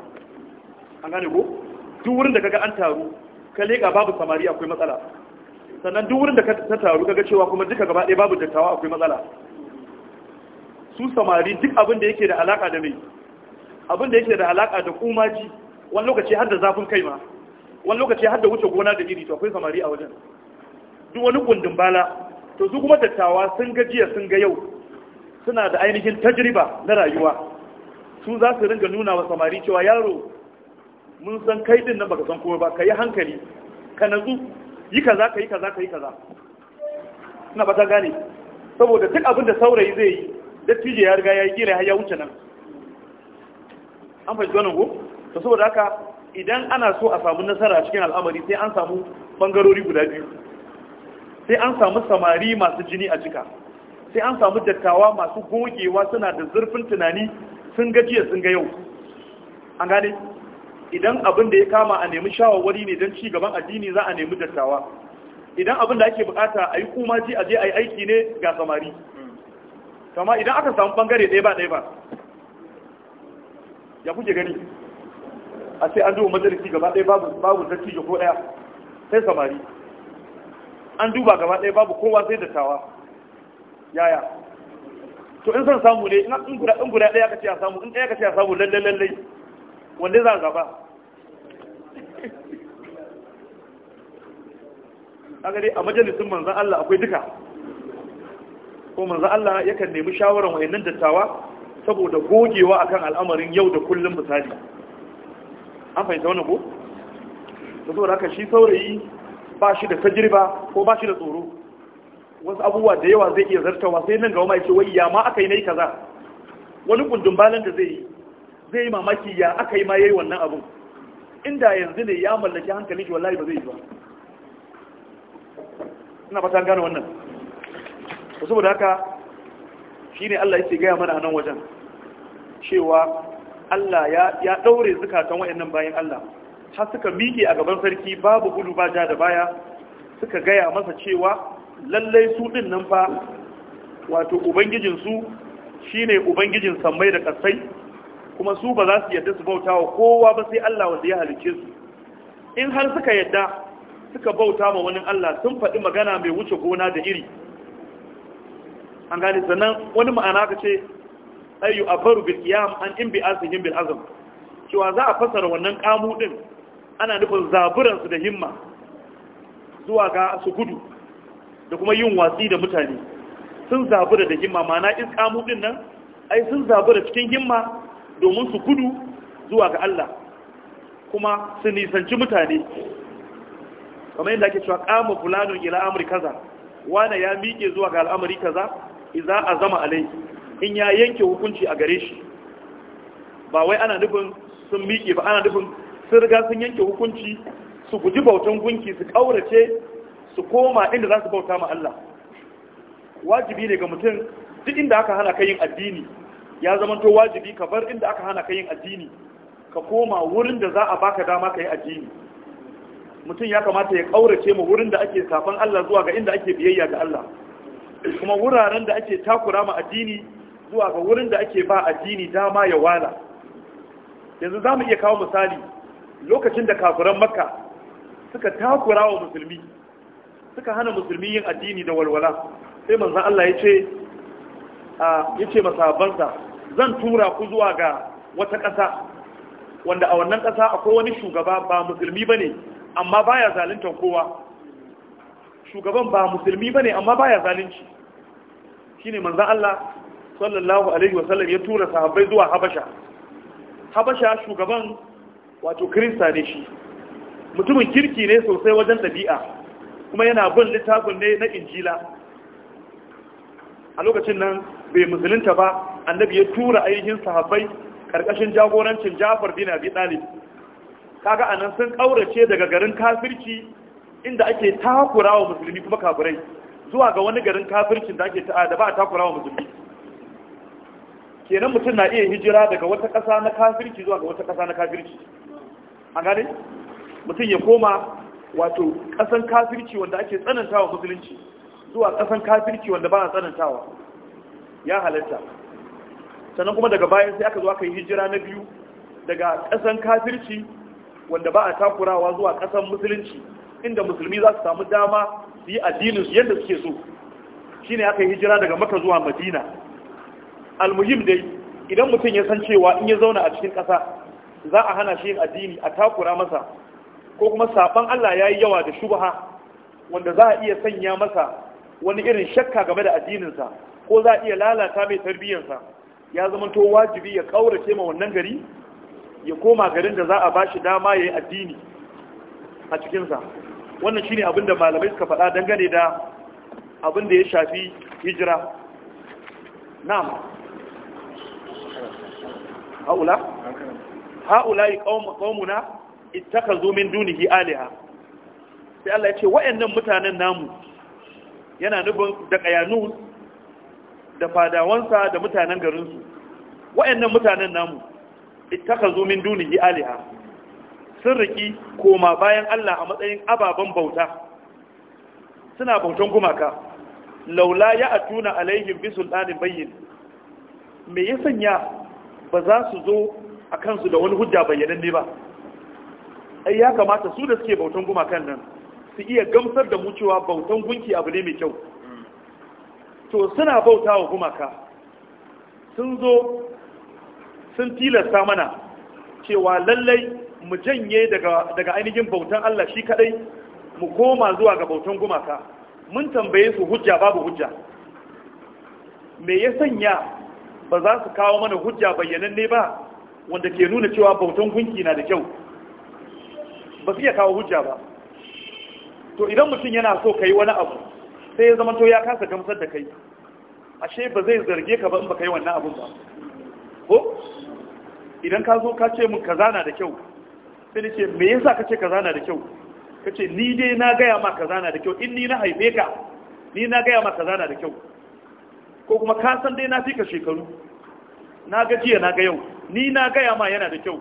an gane ko duk wurin da kaga an taru ka leƙa babu samari akwai matsala sannan duk wurin da ka ta taru kaga cewa kuma duka gaba ɗaya babu dattawa akwai matsala su samari duk abin da yake da alaka da mai abin da yake da alaka da kumaji wani lokaci har da zafin kai ma wani lokaci har da wuce gona da iri to akwai samari a wajen duk wani gundun bala to su kuma dattawa sun ga jiya sun ga yau suna da ainihin tajriba na rayuwa su za su ringa nuna wa samari cewa yaro mun san kai din nan baka san komai ba ka hankali ka nazu yi kaza ka kaza ka kaza ina ba ta gane saboda duk abin da saurayi zai yi dattijo ya riga ya yi gira ya wuce nan an fahimci wannan ko to saboda haka idan ana so a samu nasara cikin al'amari sai an samu bangarori guda biyu sai an samu samari masu jini a cika, sai an samu dattawa masu gogewa suna da zurfin tunani sun ga sun ga yau an gane idan abin da ya kama a nemi shawarwari ne don ci gaban addini za a nemi dattawa idan abin da ake bukata a yi kuma ji a je a yi aiki ne ga samari kama idan aka samu bangare ɗaya ba ɗaya ba ya kuke gani a sai an duba majalisi gaba ɗaya babu dattijo ko ɗaya sai samari an duba gaba ɗaya babu kowa sai dattawa yaya to in son samu ne in guda ɗaya ka ce a samu in ɗaya ka ce a samu lallai lallai wanda za a gaba a gari a majalisin manzan Allah akwai duka ko manzan Allah yakan nemi shawaran wayannan dattawa saboda gogewa akan al'amarin yau da kullum misali an fahimta wani ko da saboda shi saurayi ba shi da tajirba ko ba shi da tsoro wasu abubuwa da yawa zai iya zartawa sai nan gaba ma ce wai ya ma aka yi na yi kaza wani gundun balan da zai yi zai yi mamaki ya aka yi ma ya yi wannan abun inda yanzu ne ya mallaki hankali, shi wallahi ba zai yi ba ina fata gane wannan saboda haka shi ne Allah yake gaya mana a nan wajen cewa Allah ya ɗaure zukatan waɗannan bayan Allah har suka miƙe a gaban sarki babu gudu ba ja da baya suka gaya masa cewa lallai su ɗin nan fa wato ubangijinsu shi ne ubangijin sammai da ƙasai kuma su ba za su yadda su bauta wa kowa ba sai Allah wanda ya halice su in har suka yadda suka bauta ma wani Allah sun faɗi magana mai wuce gona da iri an gane sannan wani ma'ana ka ce ayu afaru bil qiyam an in bi asihim bil azm cewa za a fasara wannan kamu din ana nufin zaburan su da himma zuwa ga su gudu da kuma yin watsi da mutane sun zabura da himma mana in kamu din nan ai sun zabura cikin himma domin su gudu zuwa ga Allah kuma su nisanci mutane kamar yadda ake cewa kama fulano ila amri kaza wane ya miƙe zuwa ga al'amari kaza iza azama alai in ya yanke hukunci a gare shi ba wai ana nufin sun miƙe ba ana nufin sun riga sun yanke hukunci su guji bautan gunki su ƙaurace su koma inda za su bauta ma Allah wajibi ne ga mutum duk inda aka hana ka yin addini ya zamanto wajibi ka bar inda aka hana kayin yin addini ka koma wurin da za a baka dama ka addini mutum ya kamata ya ƙaurace mu wurin da ake safan Allah zuwa ga inda ake biyayya ga Allah kuma wuraren da ake takura ma addini zuwa ga wurin da ake ba addini dama ya wala yanzu za mu iya kawo misali lokacin da kafuran makka suka takura wa musulmi suka hana musulmi yin addini da walwala sai manzan Allah ya ce zan tura ku zuwa ga wata ƙasa wanda a wannan ƙasa akwai wani shugaba ba musulmi ba ne amma baya zaluntar kowa shugaban ba musulmi ba ne amma baya zalunci shi ne manzan Allah sallallahu alaihi wasallam ya tura sahabbai zuwa habasha habasha shugaban wato kirista ne shi mutumin kirki ne sosai wajen ɗabi'a kuma yana bin littafin ne na injila a lokacin nan bai musulunta ba annabi ya tura ainihin sahabbai karkashin jagorancin jafar bin abi talib kaga anan sun kaurace daga garin kafirci inda ake takurawa musulmi kuma kafirai zuwa ga wani garin kafircin da ake da ba a takurawa musulmi kenan mutum na iya hijira daga wata ƙasa na kafirci zuwa ga wata ƙasa na kafirci a gane mutum ya koma wato ƙasan kafirci wanda ake tsanantawa musulunci zuwa ƙasan kafirci wanda ba a tsanantawa ya halatta sannan kuma daga bayan sai aka zo aka yi hijira na biyu daga ƙasan kafirci wanda ba a takurawa zuwa ƙasan musulunci inda musulmi za su samu dama su yi addininsu yadda suke so shine aka yi hijira daga maka zuwa madina almuhim dai idan mutum ya san cewa in ya zauna a cikin ƙasa za a hana shi yin addini a takura masa ko kuma saban Allah ya yi yawa da shubaha wanda za a iya sanya masa wani irin shakka game da addininsa ko za a iya lalata mai tarbiyyarsa ya zama to wajibi ya kaurace ma wannan gari ya koma garin da za a ba shi dama ya yi addini a cikinsa wannan shi ne abin da malamai suka faɗa dangane da abin da ya shafi hijira na'am haula haula qaumuna ittakazu min dunihi aliha sai Allah ya ce wayannan mutanen namu yana nufin da kayanu da fadawansa da mutanen garinsu. su wayannan mutanen namu ittakazu min dunihi aliha sun riki koma bayan Allah a matsayin ababen bauta suna bautan gumaka laula ya a tuna alaihin bi ɗanin bayyin me ya sanya ba za su zo a kansu da wani hujja bayyananne ba ai ya kamata su da suke bautan gumakan nan su iya gamsar da mu cewa bautan gunki abu ne mai kyau to suna bauta wa gumaka sun zo sun tilasta mana cewa lallai mu janye daga ainihin bautan Allah shi kadai mu koma zuwa ga bautan gumaka mun tambaye su hujja babu hujja me ya sanya ba za su kawo mana hujja bayyananne ba wanda ke nuna cewa bautan gunki na da kyau ba su iya kawo hujja ba to idan mutum yana so ka yi wani abu sai ya zama to ya kasa gamsar da kai ashe ba zai zarge ka ba in ba ka yi wannan abun ba ko idan ka zo ka ce min kaza na da kyau sai da ce me yasa ka ce kaza na da kyau ka ce ni dai na gaya ma kaza na da kyau in ni na haife ka ni na gaya ma kaza na da kyau ko kuma ka san dai na fi ka shekaru na ga na ga yau ni na gaya ma yana da kyau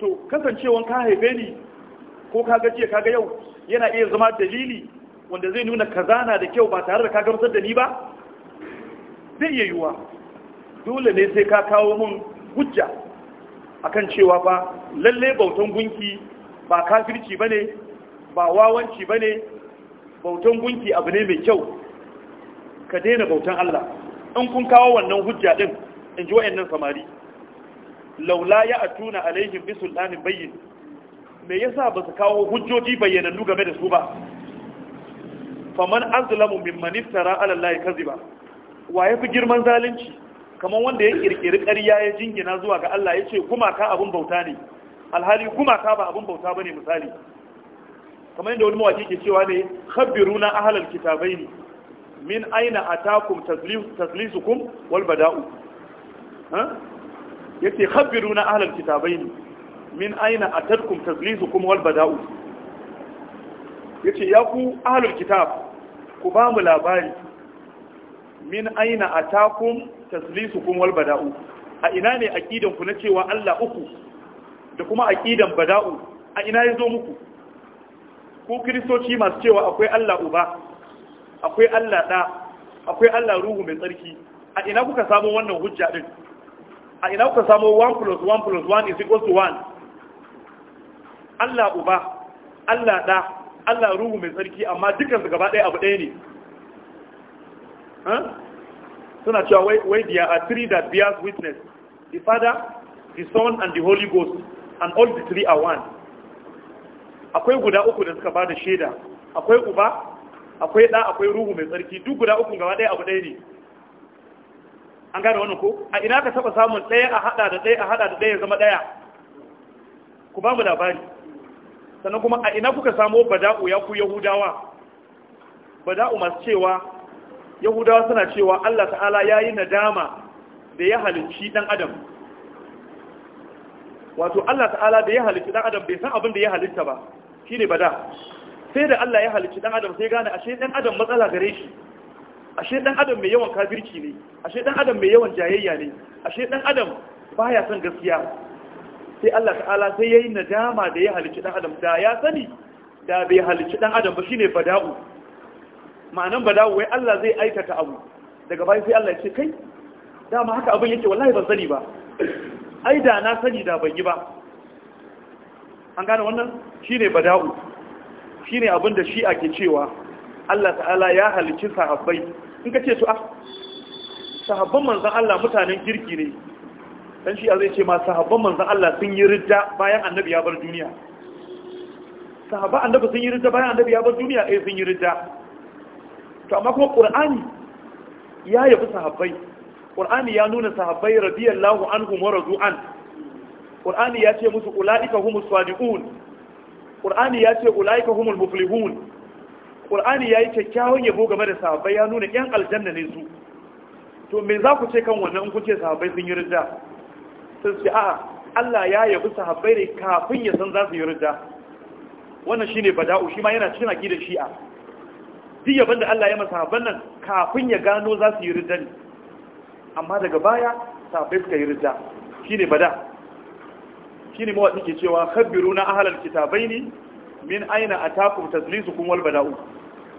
to kasancewan ka haife ni ko ka ga jiya ka ga yau yana iya zama dalili wanda zai nuna kaza na da kyau ba tare da ka gamsar da ni ba zai iya yiwuwa dole ne sai ka kawo mun hujja akan cewa ba lalle bautan gunki ba kafirci bane ba wawanci bane bautan gunki abu ne mai kyau ka daina bautan Allah in kun kawo wannan hujja din in ji wayannan samari laula ya atuna alaihim bi sultanin bayyin me yasa ba su kawo hujjoji bayyanannu game da su ba faman azlamu mimman iftara ala Allah kaziba wa yafi girman zalunci kamar wanda ya kirkiri ƙarya ya jingina zuwa ga Allah ya ce gumaka abin bauta ne alhali gumaka ba abin bauta ba ne misali kamar yadda wani mawaki ke cewa ne khabbiruna ahlal kitabaini min aina atakum taslisukum wal bada'u ha yace khabiruna ahlal kitabain min aina atatkum taslisukum wal bada'u yace ya ku ahlul kitab ku ba mu labari min aina atakum taslisukum wal bada'u a ina ne aqidan ku na cewa Allah uku da kuma aqidan bada'u a ina yazo muku Ko kristoci masu cewa akwai Allah uba akwai Allah da akwai Allah ruhu mai tsarki a ina kuka samu wannan hujja din a ina kuka samu 1 plus 1 plus 1 is equal to 1 Allah uba Allah da Allah ruhu mai tsarki amma dukkan su gaba ɗaya abu ɗaya ne suna cewa wai wai there are three that bears witness the father the son and the holy ghost and all the three are one akwai guda uku da suka bada shaida akwai uba akwai da akwai ruhu mai tsarki duk guda uku gaba ɗaya abu ɗaya ne an gane wannan ko a ina ka taɓa samun ɗaya a haɗa da ɗaya a haɗa da ɗaya zama ɗaya ku ba mu labari sannan kuma a ina kuka samo bada'u ya ku yahudawa bada'u masu cewa yahudawa suna cewa allah ta'ala ya yi nadama da ya halicci ɗan adam wato allah ta'ala da ya halicci ɗan adam bai san abin da ya halitta ba shi ne bada sai da Allah ya halicci dan adam sai gane ashe dan adam matsala gare shi ashe dan adam mai yawan kafirci ne ashe dan adam mai yawan jayayya ne ashe dan adam baya son gaskiya sai Allah ta'ala sai yayi nadama da ya halicci dan adam da ya sani da bai halicci dan adam ba shine bada'u ma'anan bada'u wai Allah zai aikata abu daga bayan sai Allah ya ce kai dama haka abin yake wallahi ban sani ba ai da na sani da ban yi ba an gane wannan shine bada'u shine abin da shi'a ke cewa Allah ta'ala ya halicci sahabbai in ka ce su ah sahabban manzan Allah mutanen kirki ne dan shi'a zai ce ma sahabban manzan Allah sun yi ridda bayan annabi ya bar duniya sahaba annabi sun yi ridda bayan annabi ya bar duniya eh sun yi ridda to amma kuma qur'ani ya yabi sahabbai qur'ani ya nuna sahabbai radiyallahu anhum wa an qur'ani ya ce musu ulaika humus sadiqun qur'ani ya ce ulaika humul muflihun qur'ani yi kyakkyawan yabo game da sahabbai ya nuna yan aljanna ne su to me za ku ce kan wannan kun ce sahabbai sun yi ridda sun ce a'a Allah ya yabi sahabbai ne kafin ya san za su yi ridda wannan shine bada'u shi ma yana cikin aqidar shi'a duk yabon da Allah ya masa sahabban nan kafin ya gano za su yi ridda ne amma daga baya sahabbai suka yi ridda shine bada' shine mawaɗi ke cewa khabbiru na ahlal ne min aina atakum tazlisukum wal bada'u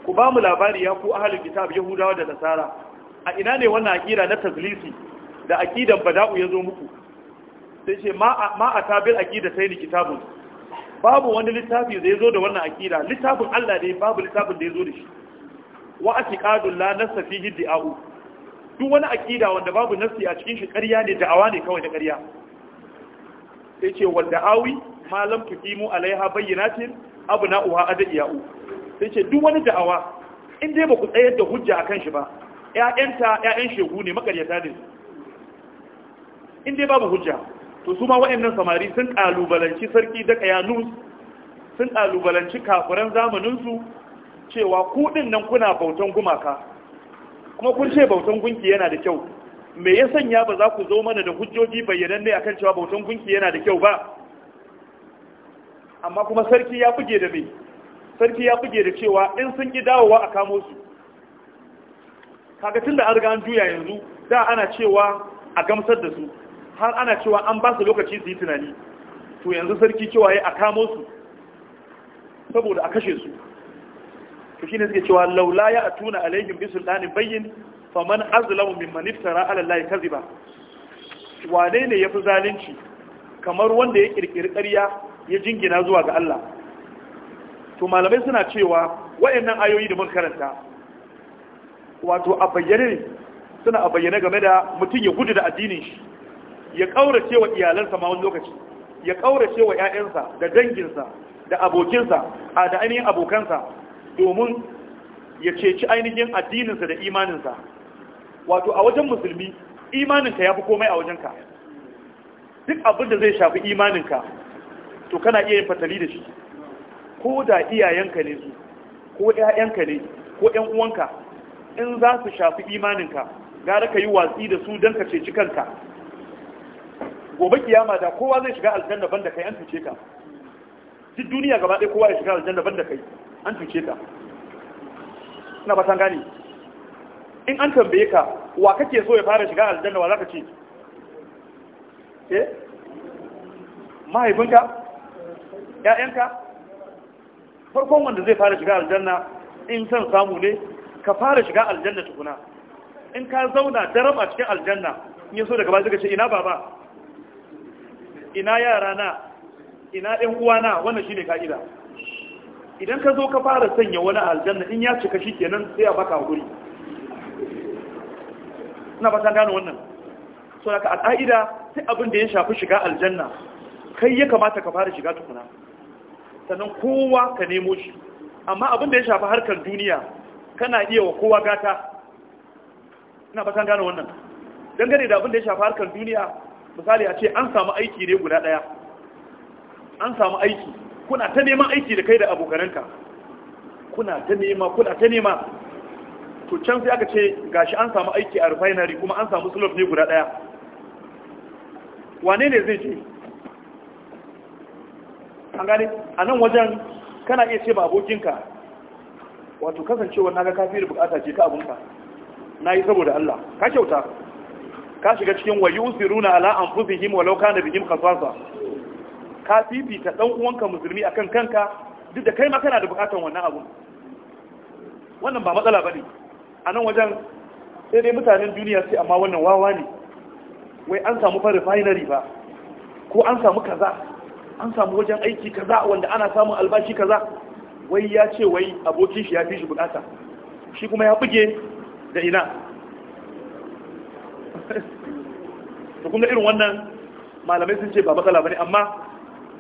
ku ba mu labari ya ku ahlul kitab yahudawa da nasara a ina ne wannan aƙira na tazlisi da aqidan bada'u yazo muku sai ce ma ma atabil aqida sayni kitabun babu wani littafi da yazo da wannan aqida littafin Allah ne babu littafin da yazo da shi wa atiqadul la nasa fihi a'u. duk wani aƙida wanda babu nasi a cikin shi ƙarya ne da'awa ne kawai da ƙarya sai ce wadda awi malam tuqimu alaiha bayyinatin abna'uha adiyau sai ce duk wani da'awa in dai ba ku tsayar da hujja akan shi ba 'ya'yanta 'ya'yan shegu ne makaryata ne in dai babu hujja to su ma waɗannan samari sun kalubalanci sarki da kayanus sun kalubalanci kafiran zamanin su cewa kuɗin nan kuna bautan gumaka kuma kun ce bautan gunki yana da kyau me ya sanya ba za ku zo mana da hujjoji bayyananne akan cewa bautan gunki yana da kyau ba amma kuma sarki ya buge da mai sarki ya buge da cewa in sun ki dawowa a kamo su kaga tunda an riga an juya yanzu da ana cewa a gamsar da su har ana cewa an ba su lokaci su yi tunani to yanzu sarki cewa ya a kamo su saboda a kashe su to shine suke cewa laula ya atuna alaihim bi sultanin bayyin faman azlamu mimman iftara ala Allah kaziba wane ne yafi zalunci kamar wanda ya kirkiri ƙarya ya jingina zuwa ga Allah to malamai suna cewa wayannan ayoyi da mun karanta wato a bayyane suna a bayyane game da mutum ya gudu da addinin shi ya kaurace wa iyalansa ma wani lokaci ya kaurace wa ƴaƴansa da danginsa da abokinsa a da ainihin abokansa domin ya ceci ainihin addininsa da imaninsa wato a wajen musulmi imaninka ya fi komai a wajenka duk abin da zai shafi imaninka to kana iya yin fatali da shi ko da iyayenka ne su ko ‘ya'yanka ne ko ‘yan uwanka in za su shafi imaninka gara ka yi watsi da su don ka ceci kanka gobe kiyama da kowa zai shiga aljanna banda kai an tuce ka duk duniya gaba ɗaya kowa ya shiga aljanna banda kai an tuce ka ina ba san gane in an tambaye ka wa kake so ya fara shiga aljanna wa zaka ce eh mahaifinka ƴaƴanka farkon wanda zai fara shiga aljanna in san samu ne ka fara shiga aljanna tukuna in ka zauna daram a cikin aljanna in yaso daga ba zai ce ina baba ina yara na ina ɗan uwana wannan shine ka'ida idan ka zo ka fara sanya wani aljanna in ya cika shi kenan sai a baka guri ina ta gano wannan so daga a ƙa'ida sai abin da ya shafi shiga aljanna kai ya kamata ka fara shiga tukuna sannan kowa ka nemo shi amma abin da ya shafi harkar duniya kana iya wa kowa gata ina ta gano wannan dangane da abin da ya shafi harkar duniya misali a ce an samu aiki ne guda ɗaya an samu aiki kuna ta neman aiki da kai da abokananka kuna ta nema kuna ta nema to can sai aka ce gashi an samu aiki a refinery kuma an samu slope ne guda daya wane ne zai je an gane a nan wajen kana iya ce ba abokinka wato kasancewar naga kafin da bukata ce ka abunka na yi saboda Allah ka kyauta ka shiga cikin wayi na ala anfusihim walau na bihim khasasa ka fifita dan uwanka musulmi akan kanka duk da kai ma kana da bukatan wannan abun wannan ba matsala ba ne. a nan wajen sai dai mutanen duniya sai amma wannan wawa ne wai an samu fara refinery ba ko an samu kaza an samu wajen aiki kaza wanda ana samun albashi kaza wai ya ce wai abokin shi ya fi shi bukata shi kuma ya buge da ina da [LAUGHS] kuma irin wannan malamai sun ce ba matsala ba ne, amma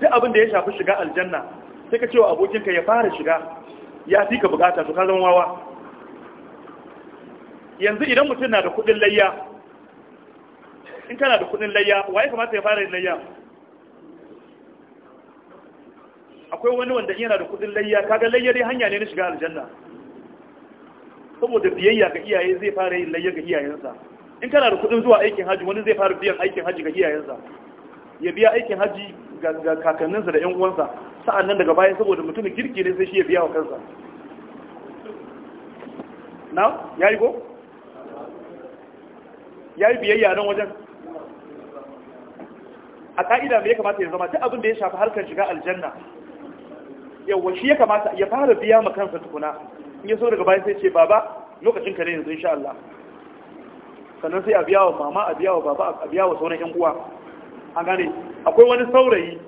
duk abin da ya shafi shiga aljanna sai ka cewa abokinka ya fara shiga ya fi ka bukata to ka zama wawa yanzu idan mutum na da kudin layya in kana da kudin layya wa ya kamata ya fara yin layya akwai wani wanda yana da kudin layya kaga layya dai hanya ne na shiga aljanna saboda biyayya ga iyaye zai fara yin layya ga iyayensa in kana da kudin zuwa aikin haji wani zai fara biyan aikin haji ga iyayensa ya biya aikin haji ga kakanninsa da 'yan uwansa sa'an nan daga bayan saboda mutumin kirki ne sai shi ya biya wa kansa na ya yi ko? ya yi biyayya nan wajen a ƙa'ida mai ya kamata ya zama ta abin da ya shafi harkar shiga aljanna yawon shi ya kamata ya fara biya ma kansa tukuna in ya so daga bayan sai ce baba lokacin ka ne yanzu insha Allah sannan sai a biya wa mama a biya wa baba a biya wa sauran yan uwa A gane akwai wani saurayi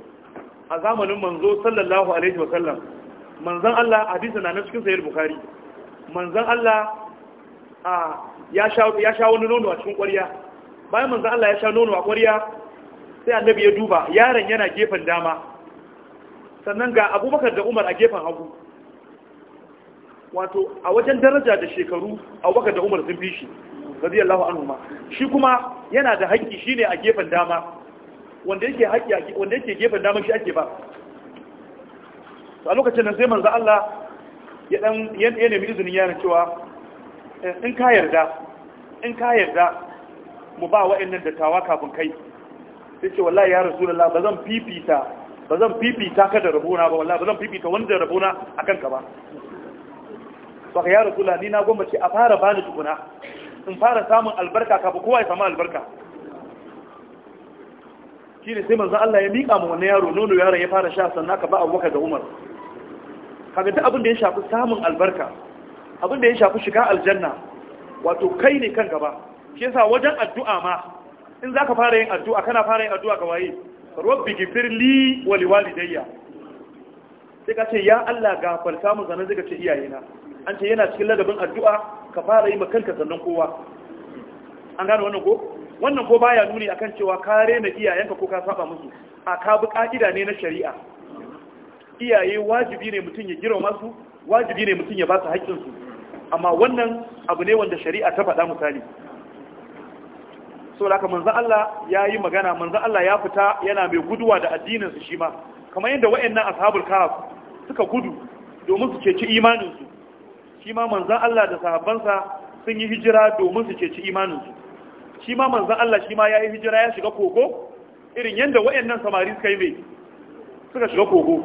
a zamanin manzo sallallahu alaihi wasallam manzon Allah hadisi na cikin sahih bukhari manzon Allah a ya sha wani nono a cikin kwariya bayan manzan Allah ya sha nono a kwariya sai annabi ya duba yaron yana gefen dama sannan ga abubakar da umar a gefen hagu wato a wajen daraja da shekaru abubakar da umar sun fi shi radiyallahu anhu ma shi kuma yana da haƙƙi ne a gefen dama wanda yake haƙƙi wanda yake gefen dama shi ake ba a lokacin nan sai manzo Allah ya dan ya nemi izinin yana cewa in ka yarda in ka yarda mu ba wa'annan dattawa kafin kai sai ce wallahi ya rasulullah bazan fifita ba zan fifita ka da rabona ba wallahi ba zan fifita wani da rabona akan ka ba to ya rasulullah ni na ce a fara bani tukuna in fara samun albarka kafin kowa ya samu albarka shi ne sai manzan Allah ya miƙa ma wannan yaro nono yaron ya fara sha sannan ka ba abuka da umar kaga duk abin da ya shafi samun albarka abin da ya shafi shiga aljanna wato kai ne kan gaba shi yasa wajen addu'a ma in zaka fara yin addu'a kana fara yin addu'a ga waye rabbi gifirli wa liwalidayya sai ka ce ya Allah gafarta mu zanen zaka ce iyayena an ce yana cikin ladabin addu'a ka fara yi kanka sannan kowa an gane wannan ko wannan ko baya nuni akan cewa ka rena iyayenka ko ka saba musu a ka bi ka'ida ne na shari'a iyaye wajibi ne mutum ya girma su wajibi ne mutum ya ba su haƙƙinsu amma wannan abu ne wanda shari'a ta faɗa misali da haka manzan Allah ya yi magana manzan Allah ya fita yana mai guduwa da addininsu shi ma kamar yadda wayannan ashabul kahf suka gudu domin su ceci imaninsu, shi ma manzan Allah da sahabbansa sun yi hijira domin su ceci imaninsu, shi ma manzan Allah shi ma ya yi hijira ya shiga kogo irin yadda nan samari suka yi mai suka shiga kogo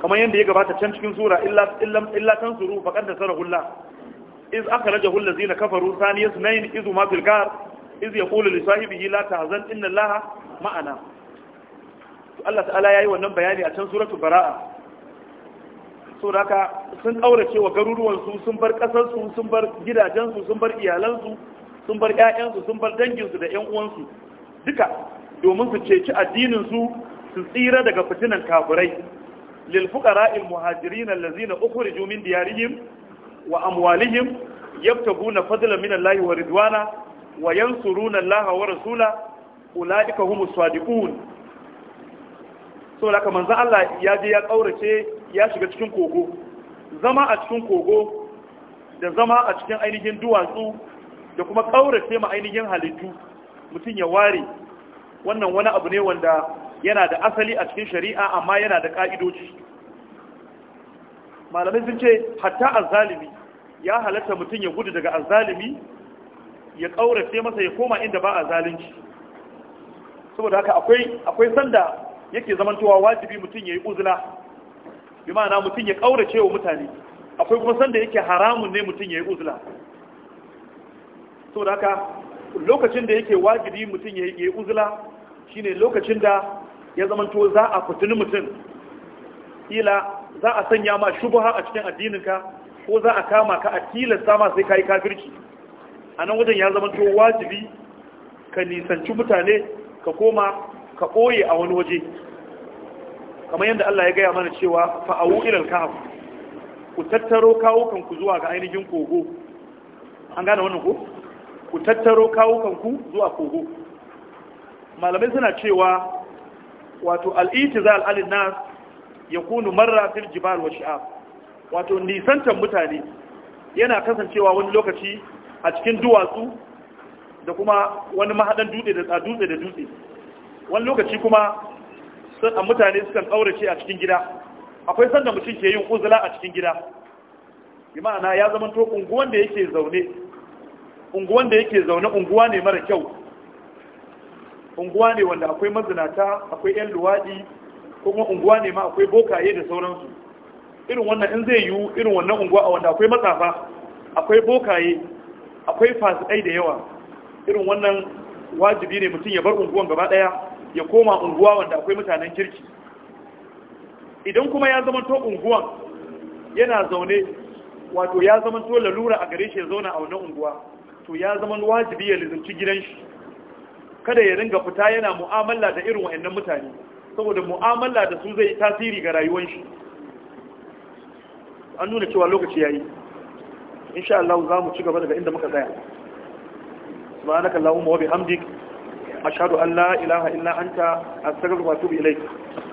kamar yadda ya gabata can cikin sura illa tan suru faƙar da sarahullah iz akhrajahu allazina kafaru thaniya sunayn iz ma fil ghar iz yaqulu li sahibihi la tahzan inna allaha ma'ana to Allah ta'ala yayi wannan bayani a can suratul bara'a saboda sun aurace wa garuruwan su sun bar kasar su sun bar gidajen su sun bar iyalan su sun bar ƴaƴan su sun bar dangin su da ƴan uwan su duka domin su ceci addinin su su tsira daga fitinan kafirai lil fuqara'il muhajirin allazina ukhriju min diyarihim wa amwalihim yabtaguna fadlan min Allah wa ridwana wa yansuruna Allah wa rasula ulaika humus sadiqun so laka manzo Allah ya je ya kaurace ya shiga cikin kogo zama a cikin kogo da zama a cikin ainihin duwatsu da kuma kaurace ma ainihin halittu mutum ya ware wannan wani abu ne wanda yana da asali a cikin shari'a amma yana da ka'idoji malamai sun ce hatta azzalimi ya halatta mutum ya gudu daga azzalimi ya ƙaurace masa ya koma inda ba a zalunci saboda haka akwai akwai sanda yake zamantowa wajibi mutum ya yi uzula bi ma'ana mutum ya ƙaurace wa mutane akwai kuma sanda yake haramun ne mutum ya yi uzula saboda haka lokacin da yake wajibi mutum ya yi uzula shine lokacin da ya zamanto za a fitini mutum ila za a sanya ma shubaha a cikin addininka ko za a kama ka a tilasta ma sai kai kafirci a nan wajen ya zama to wajibi ka nisanci mutane ka koma ka ɓoye a wani waje kamar yadda Allah ya gaya mana cewa fa'awu ilal kahf ku tattaro kawukanku zuwa ga ainihin kogo an gane wannan ko ku tattaro kawukanku zuwa kogo malamai suna cewa wato al'itizal alin nas yakunu marra fil jibal wa shi'ab wato nisantan mutane yana kasancewa wani lokaci a cikin duwatsu da kuma wani mahadan dutse da dutse da dutse wani lokaci kuma sun mutane sukan kaurace a cikin gida akwai sanda mutum ke yin uzula a cikin gida bi ma'ana ya zama to unguwan da yake zaune unguwan da yake zaune unguwa ne mara kyau unguwa ne wanda akwai mazinata akwai yan luwadi kuma unguwa ne ma akwai bokaye da sauransu irin wannan in zai yiwu irin wannan unguwa a wanda akwai matsafa akwai bokaye akwai fasikai da yawa irin wannan wajibi ne mutum ya bar unguwan gaba daya ya koma unguwa wanda akwai mutanen kirki idan kuma ya zama to unguwan yana zaune wato ya zama to lalura a gare shi ya zauna a wannan unguwa to ya zama wajibi ya lizinci gidan shi kada ya ringa fita yana mu'amala da irin wa'annan mutane saboda mu'amala da su zai yi tasiri ga rayuwar shi an nuna cewa lokaci yayi insha Allah za mu ci gaba daga inda muka tsaya subhanaka allahumma wa a ashhadu an la ilaha illa anta astaghfiruka wa atubu ilayk